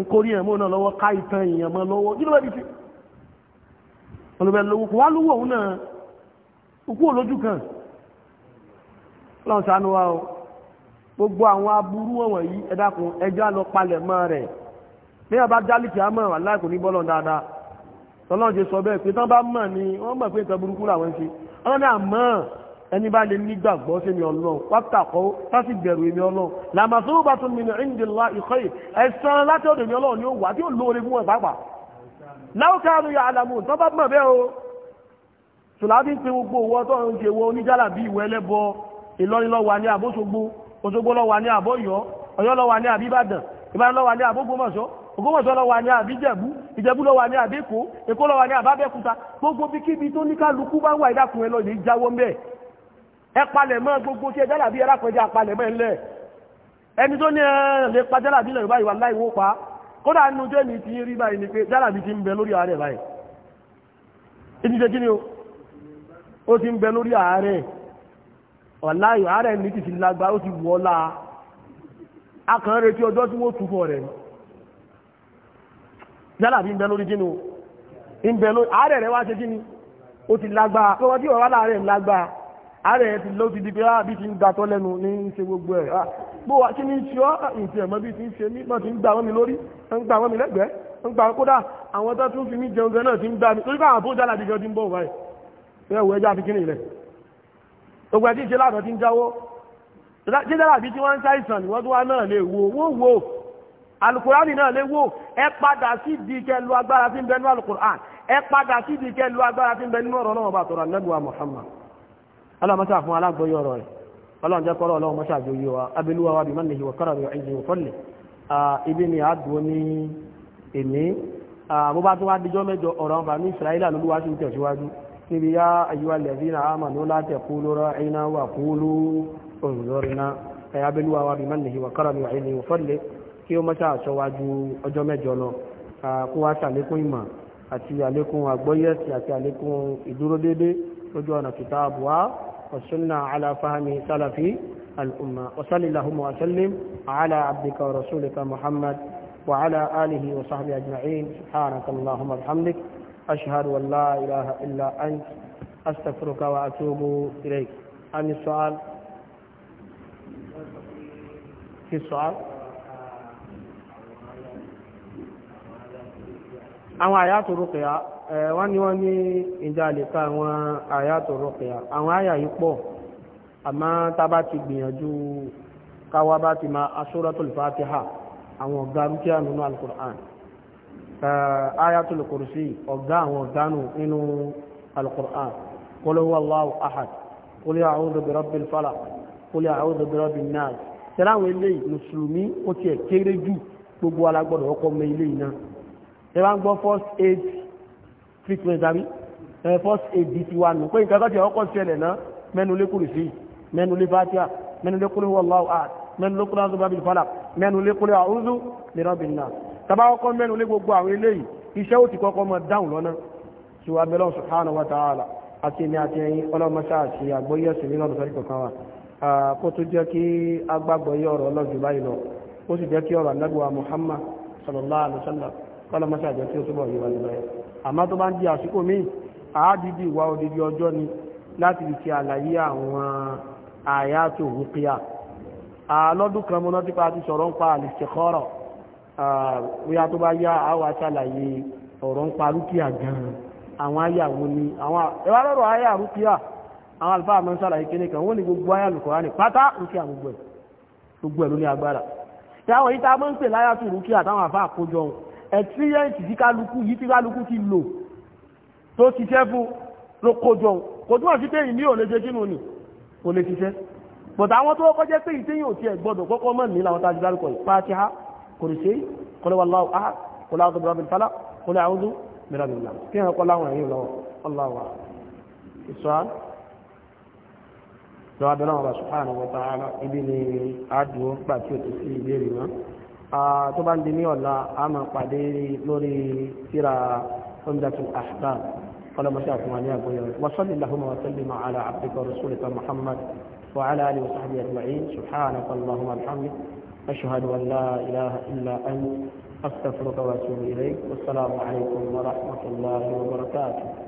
nkórí ẹ̀mọ́ náà lọ́wọ́ ká ìtàn èèyàn mọ́ lọ́wọ́ kí ló bẹ́ bí fi olùbẹ̀ lówó kò wá lówó òun náà òkú olójú kan lọ́n sánú wa o gbogbo àwọn aburú wọ̀n yìí ẹ dákun ẹjá lọ palẹ̀ mọ́ rẹ̀ bí a jálìkì á mọ̀ aláì ní bọ́lọ̀ dáadáa tọ́lọ́n ṣe sọ bẹ́ẹ̀ pé tán bá mọ̀ ni wọ́n mọ̀ pé nǹkan burúkú làwọn ṣe ọlọ́dà mọ́ ẹni bá lè nígbàgbọ́ sí mi ọlọ́run pátákọ́ sásì bẹ̀rù èmi ọlọ́run làmàsó bá tún mìíràn ìdìlá ìkọ́ yìí ẹ̀sán láti ọ̀dọ̀ mi ọlọ́run ni ó wà tí ó lóore fún wọn pàápàá láwùká àánú ya àlàmù tó bá mọ̀ bẹ́ẹ̀ o tùlábí ń pe gbogbo owó tó ń ṣe wọ oníjàlá bí ìwé ẹlẹ́bọ Ìlọrin ló wà ní àbóṣogbo Òṣogbo ló wà ní àbóyọ Ọ̀yọ́ ló wà ní àbíbàdàn Ìbàdàn ló wà ní àbógbómọ̀ṣọ́ Ògbómọ̀ṣọ́ ló wà ní àbíjẹ̀bú Ìjẹ̀bú ló wà ní àbẹ́kọ́ Èkó ló wà ní àbábẹ́kúta gbogbo bí kíbi tó ní kálukú bá wà ìdákùnrin lọ yìí jáwọ́ mẹ́ẹ̀ ẹ palẹ̀ mọ́ gbogbo tí ẹ jálàbí ẹ lápẹjá palẹ̀ mọ́ ẹlẹ́ ẹni tó ní ẹ lè pa jálàbí lẹ̀ báyìí wà láì pa kódà nínú tó ní ti rí báyìí ni pé jálàbí ti ń bẹ lórí ààrẹ báyìí ìdíje kí ni o ó ti ń bẹ lórí ààrẹ ọ̀láyò ààrẹ ní ti fi lágbá ó ti wọ́ la akàn retí ọjọ́ tí wọ́n túbọ̀ rẹ̀ jálàbí ń bẹ lórí kí ni o ń bẹ lórí ààrẹ rẹ̀ wá ṣe kí ni ó ti lágbá pé tí ọ̀rọ̀ ààrẹ ti ló ti di pé àbí ah, ti ń gbàtọ́ lẹ́nu ní í ṣe gbogbo ẹ̀ ah, bó wa kí ni ṣe ọ́ ah, ìtì ẹ̀mọ́ bí ti ń ṣe mí náà ti ń gbà wọ́n mi lórí ń gbà wọ́n mi lẹ́gbẹ̀ẹ́ ń gbà kódà àwọn tó tún fi mí jẹun gan náà ti ń gbà mí torí pé àwọn tó jálà dìgbà ti ń bọ̀ wáyé ẹ wọ ẹja fi kí ni ilẹ̀ gbogbo ẹtí ṣe láàbọ̀ ti ń jáwọ́ jẹ́jẹ́rà bí tí wọ́n ń ṣàìsàn ni wọ́n tó wá náà lè wo wọ́n wo alukurani náà lè wo ẹ padà sí di kẹ agbára tí ń alukurani ẹ padà sí di kẹ agbára tí ń bẹ náà bàtọ̀rọ̀ anábìwá Muhammad ọlọ́mọṣà fún alágbóyọ̀ ọ̀rọ̀ rẹ̀ ọlọ́njẹ́ kọ́rọ̀ ọlọ́mọṣà jòyè wa abilúwa wa bímọ nìyí wọ̀kọ́rọ̀ rẹ̀ ẹ̀jì òfọ́lẹ̀ ibi ni àdúró ní èmi bó bá tó wá dijọ́ mẹ́jọ ọ̀rọ̀ ọba ní Israẹli lóluwá sí tẹ̀síwájú níbi yá ayúwa lẹ́bí na amànú látẹ̀ kú lọ́rọ̀ ẹ̀yìn wa kú ló òǹdọ́rìnà ẹ̀yà abilúwa wa bímọ nìyí wọ̀kọ́rọ̀ rẹ̀ ẹ̀jì òfọ́lẹ̀ kí ó mọ́ṣà àti àlékún àgbọ́yẹ̀sì àti àlékún ìdúródédé lójú ọ̀nà kìtàbù wa والسنة على فهم سلف الأمة وصل اللهم وسلم على عبدك ورسولك محمد وعلى آله وصحبه أجمعين سبحانك اللهم وبحمدك أشهد أن لا إله إلا أنت أستغفرك وأتوب إليك عن السؤال في السؤال أو آيات الرقيه wọ́n ní wọ́n ní ìjà ka àwọn àyà tó àwọn àyà yìí pọ̀ àmọ́ ti gbìyànjú káwa bá ti máa ha fatiha àwọn ọ̀gá rúkìá nínú alukur'an ayatul ọ̀gá àwọn ọ̀gá alukur'an ahad qul a'udhu birabbil falaq qul a'udhu birabbin nas tẹ́láwọn treatment àbí first aid ti wà nù pé nǹkan kan ti ọkọ̀ ṣẹlẹ̀ náà mẹ́nu lé kùrì sí mẹ́nu lé fatia mẹ́nu lé kúrò wallahu ahad mẹ́nu lé kúrò àwọn bábí falaq mẹ́nu lé kúrò a'udhu bi rabbin nas tàbá ọkọ̀ mẹ́nu lé gbogbo àwọn eléyìí iṣẹ́ ó ti kọ́kọ́ mọ dáhùn lọ́nà tí wà bẹ́lọ́ subhanahu wa ta'ala àti èmi àti ẹ̀yin ọlọ́mọṣá àti àgbọ́yé ọ̀dọ̀ sẹ́ríkọ̀ àmọ́ tó bá ń di àsìkò míì àádìdì wá odidi ọjọ́ ni láti fi ṣe àlàyé àwọn àyàtò rúkìá lọ́dún kan mọ́ná tí pa ti sọ̀rọ̀ ń pa àlìṣẹ̀kọ́rọ̀ bóyá tó bá yá àwọn aṣàlàyé ọ̀rọ̀ ń pa rúkìá gan-an àwọn ayàwó ni àwọn ẹwà lọ́rọ̀ ayà rúkìá àwọn àlùfáà mọ́ sàlàyé kíní kan wọ́n ní gbogbo ayà lùkọ́ ní experience tí kálukú yìí tí kálukú ti lò tó ṣiṣẹ́ fún ló kójọ kò túnmọ̀ sí téyìn ní òlé ṣe kínú ni kò lè ṣiṣẹ́ but àwọn tó kọjẹ́ pé ìtẹ́yìn òtí ẹ̀ gbọ́dọ̀ kọ́kọ́ mọ̀ ní làwọn tàbí dárúkọ yìí Fatiha kò lè ṣe kọlẹ̀ wà láwọ̀ áhà kò láwọ̀ tóbi rábìn fálá kò lè àwọn ọdún mìíràn mìíràn kí hàn kọ́ láwọn ẹ̀yìn lọ́wọ́ ọláwà ìṣọ́ lọ́wọ́ abẹ́lá wọn bá subhanahu wa ta'ala ibi ni àdùn gbà tí ti sí ìbéèrè náà tó bá ń di ní ọ̀la a máa pàdé lórí síra Umdatul Ahkam ọlọ́mọṣẹ́ àfihàn ní àgbóyọ̀ rẹ̀ wa sallallahu wa ala abdika wa Muhammad wa ala alihi sahbihi ajma'in subhanaka allahumma wa bihamdik ashhadu an la ilaha illa anta astaghfiruka wa atubu ilayk wassalamu alaykum wa rahmatullahi wa barakatuh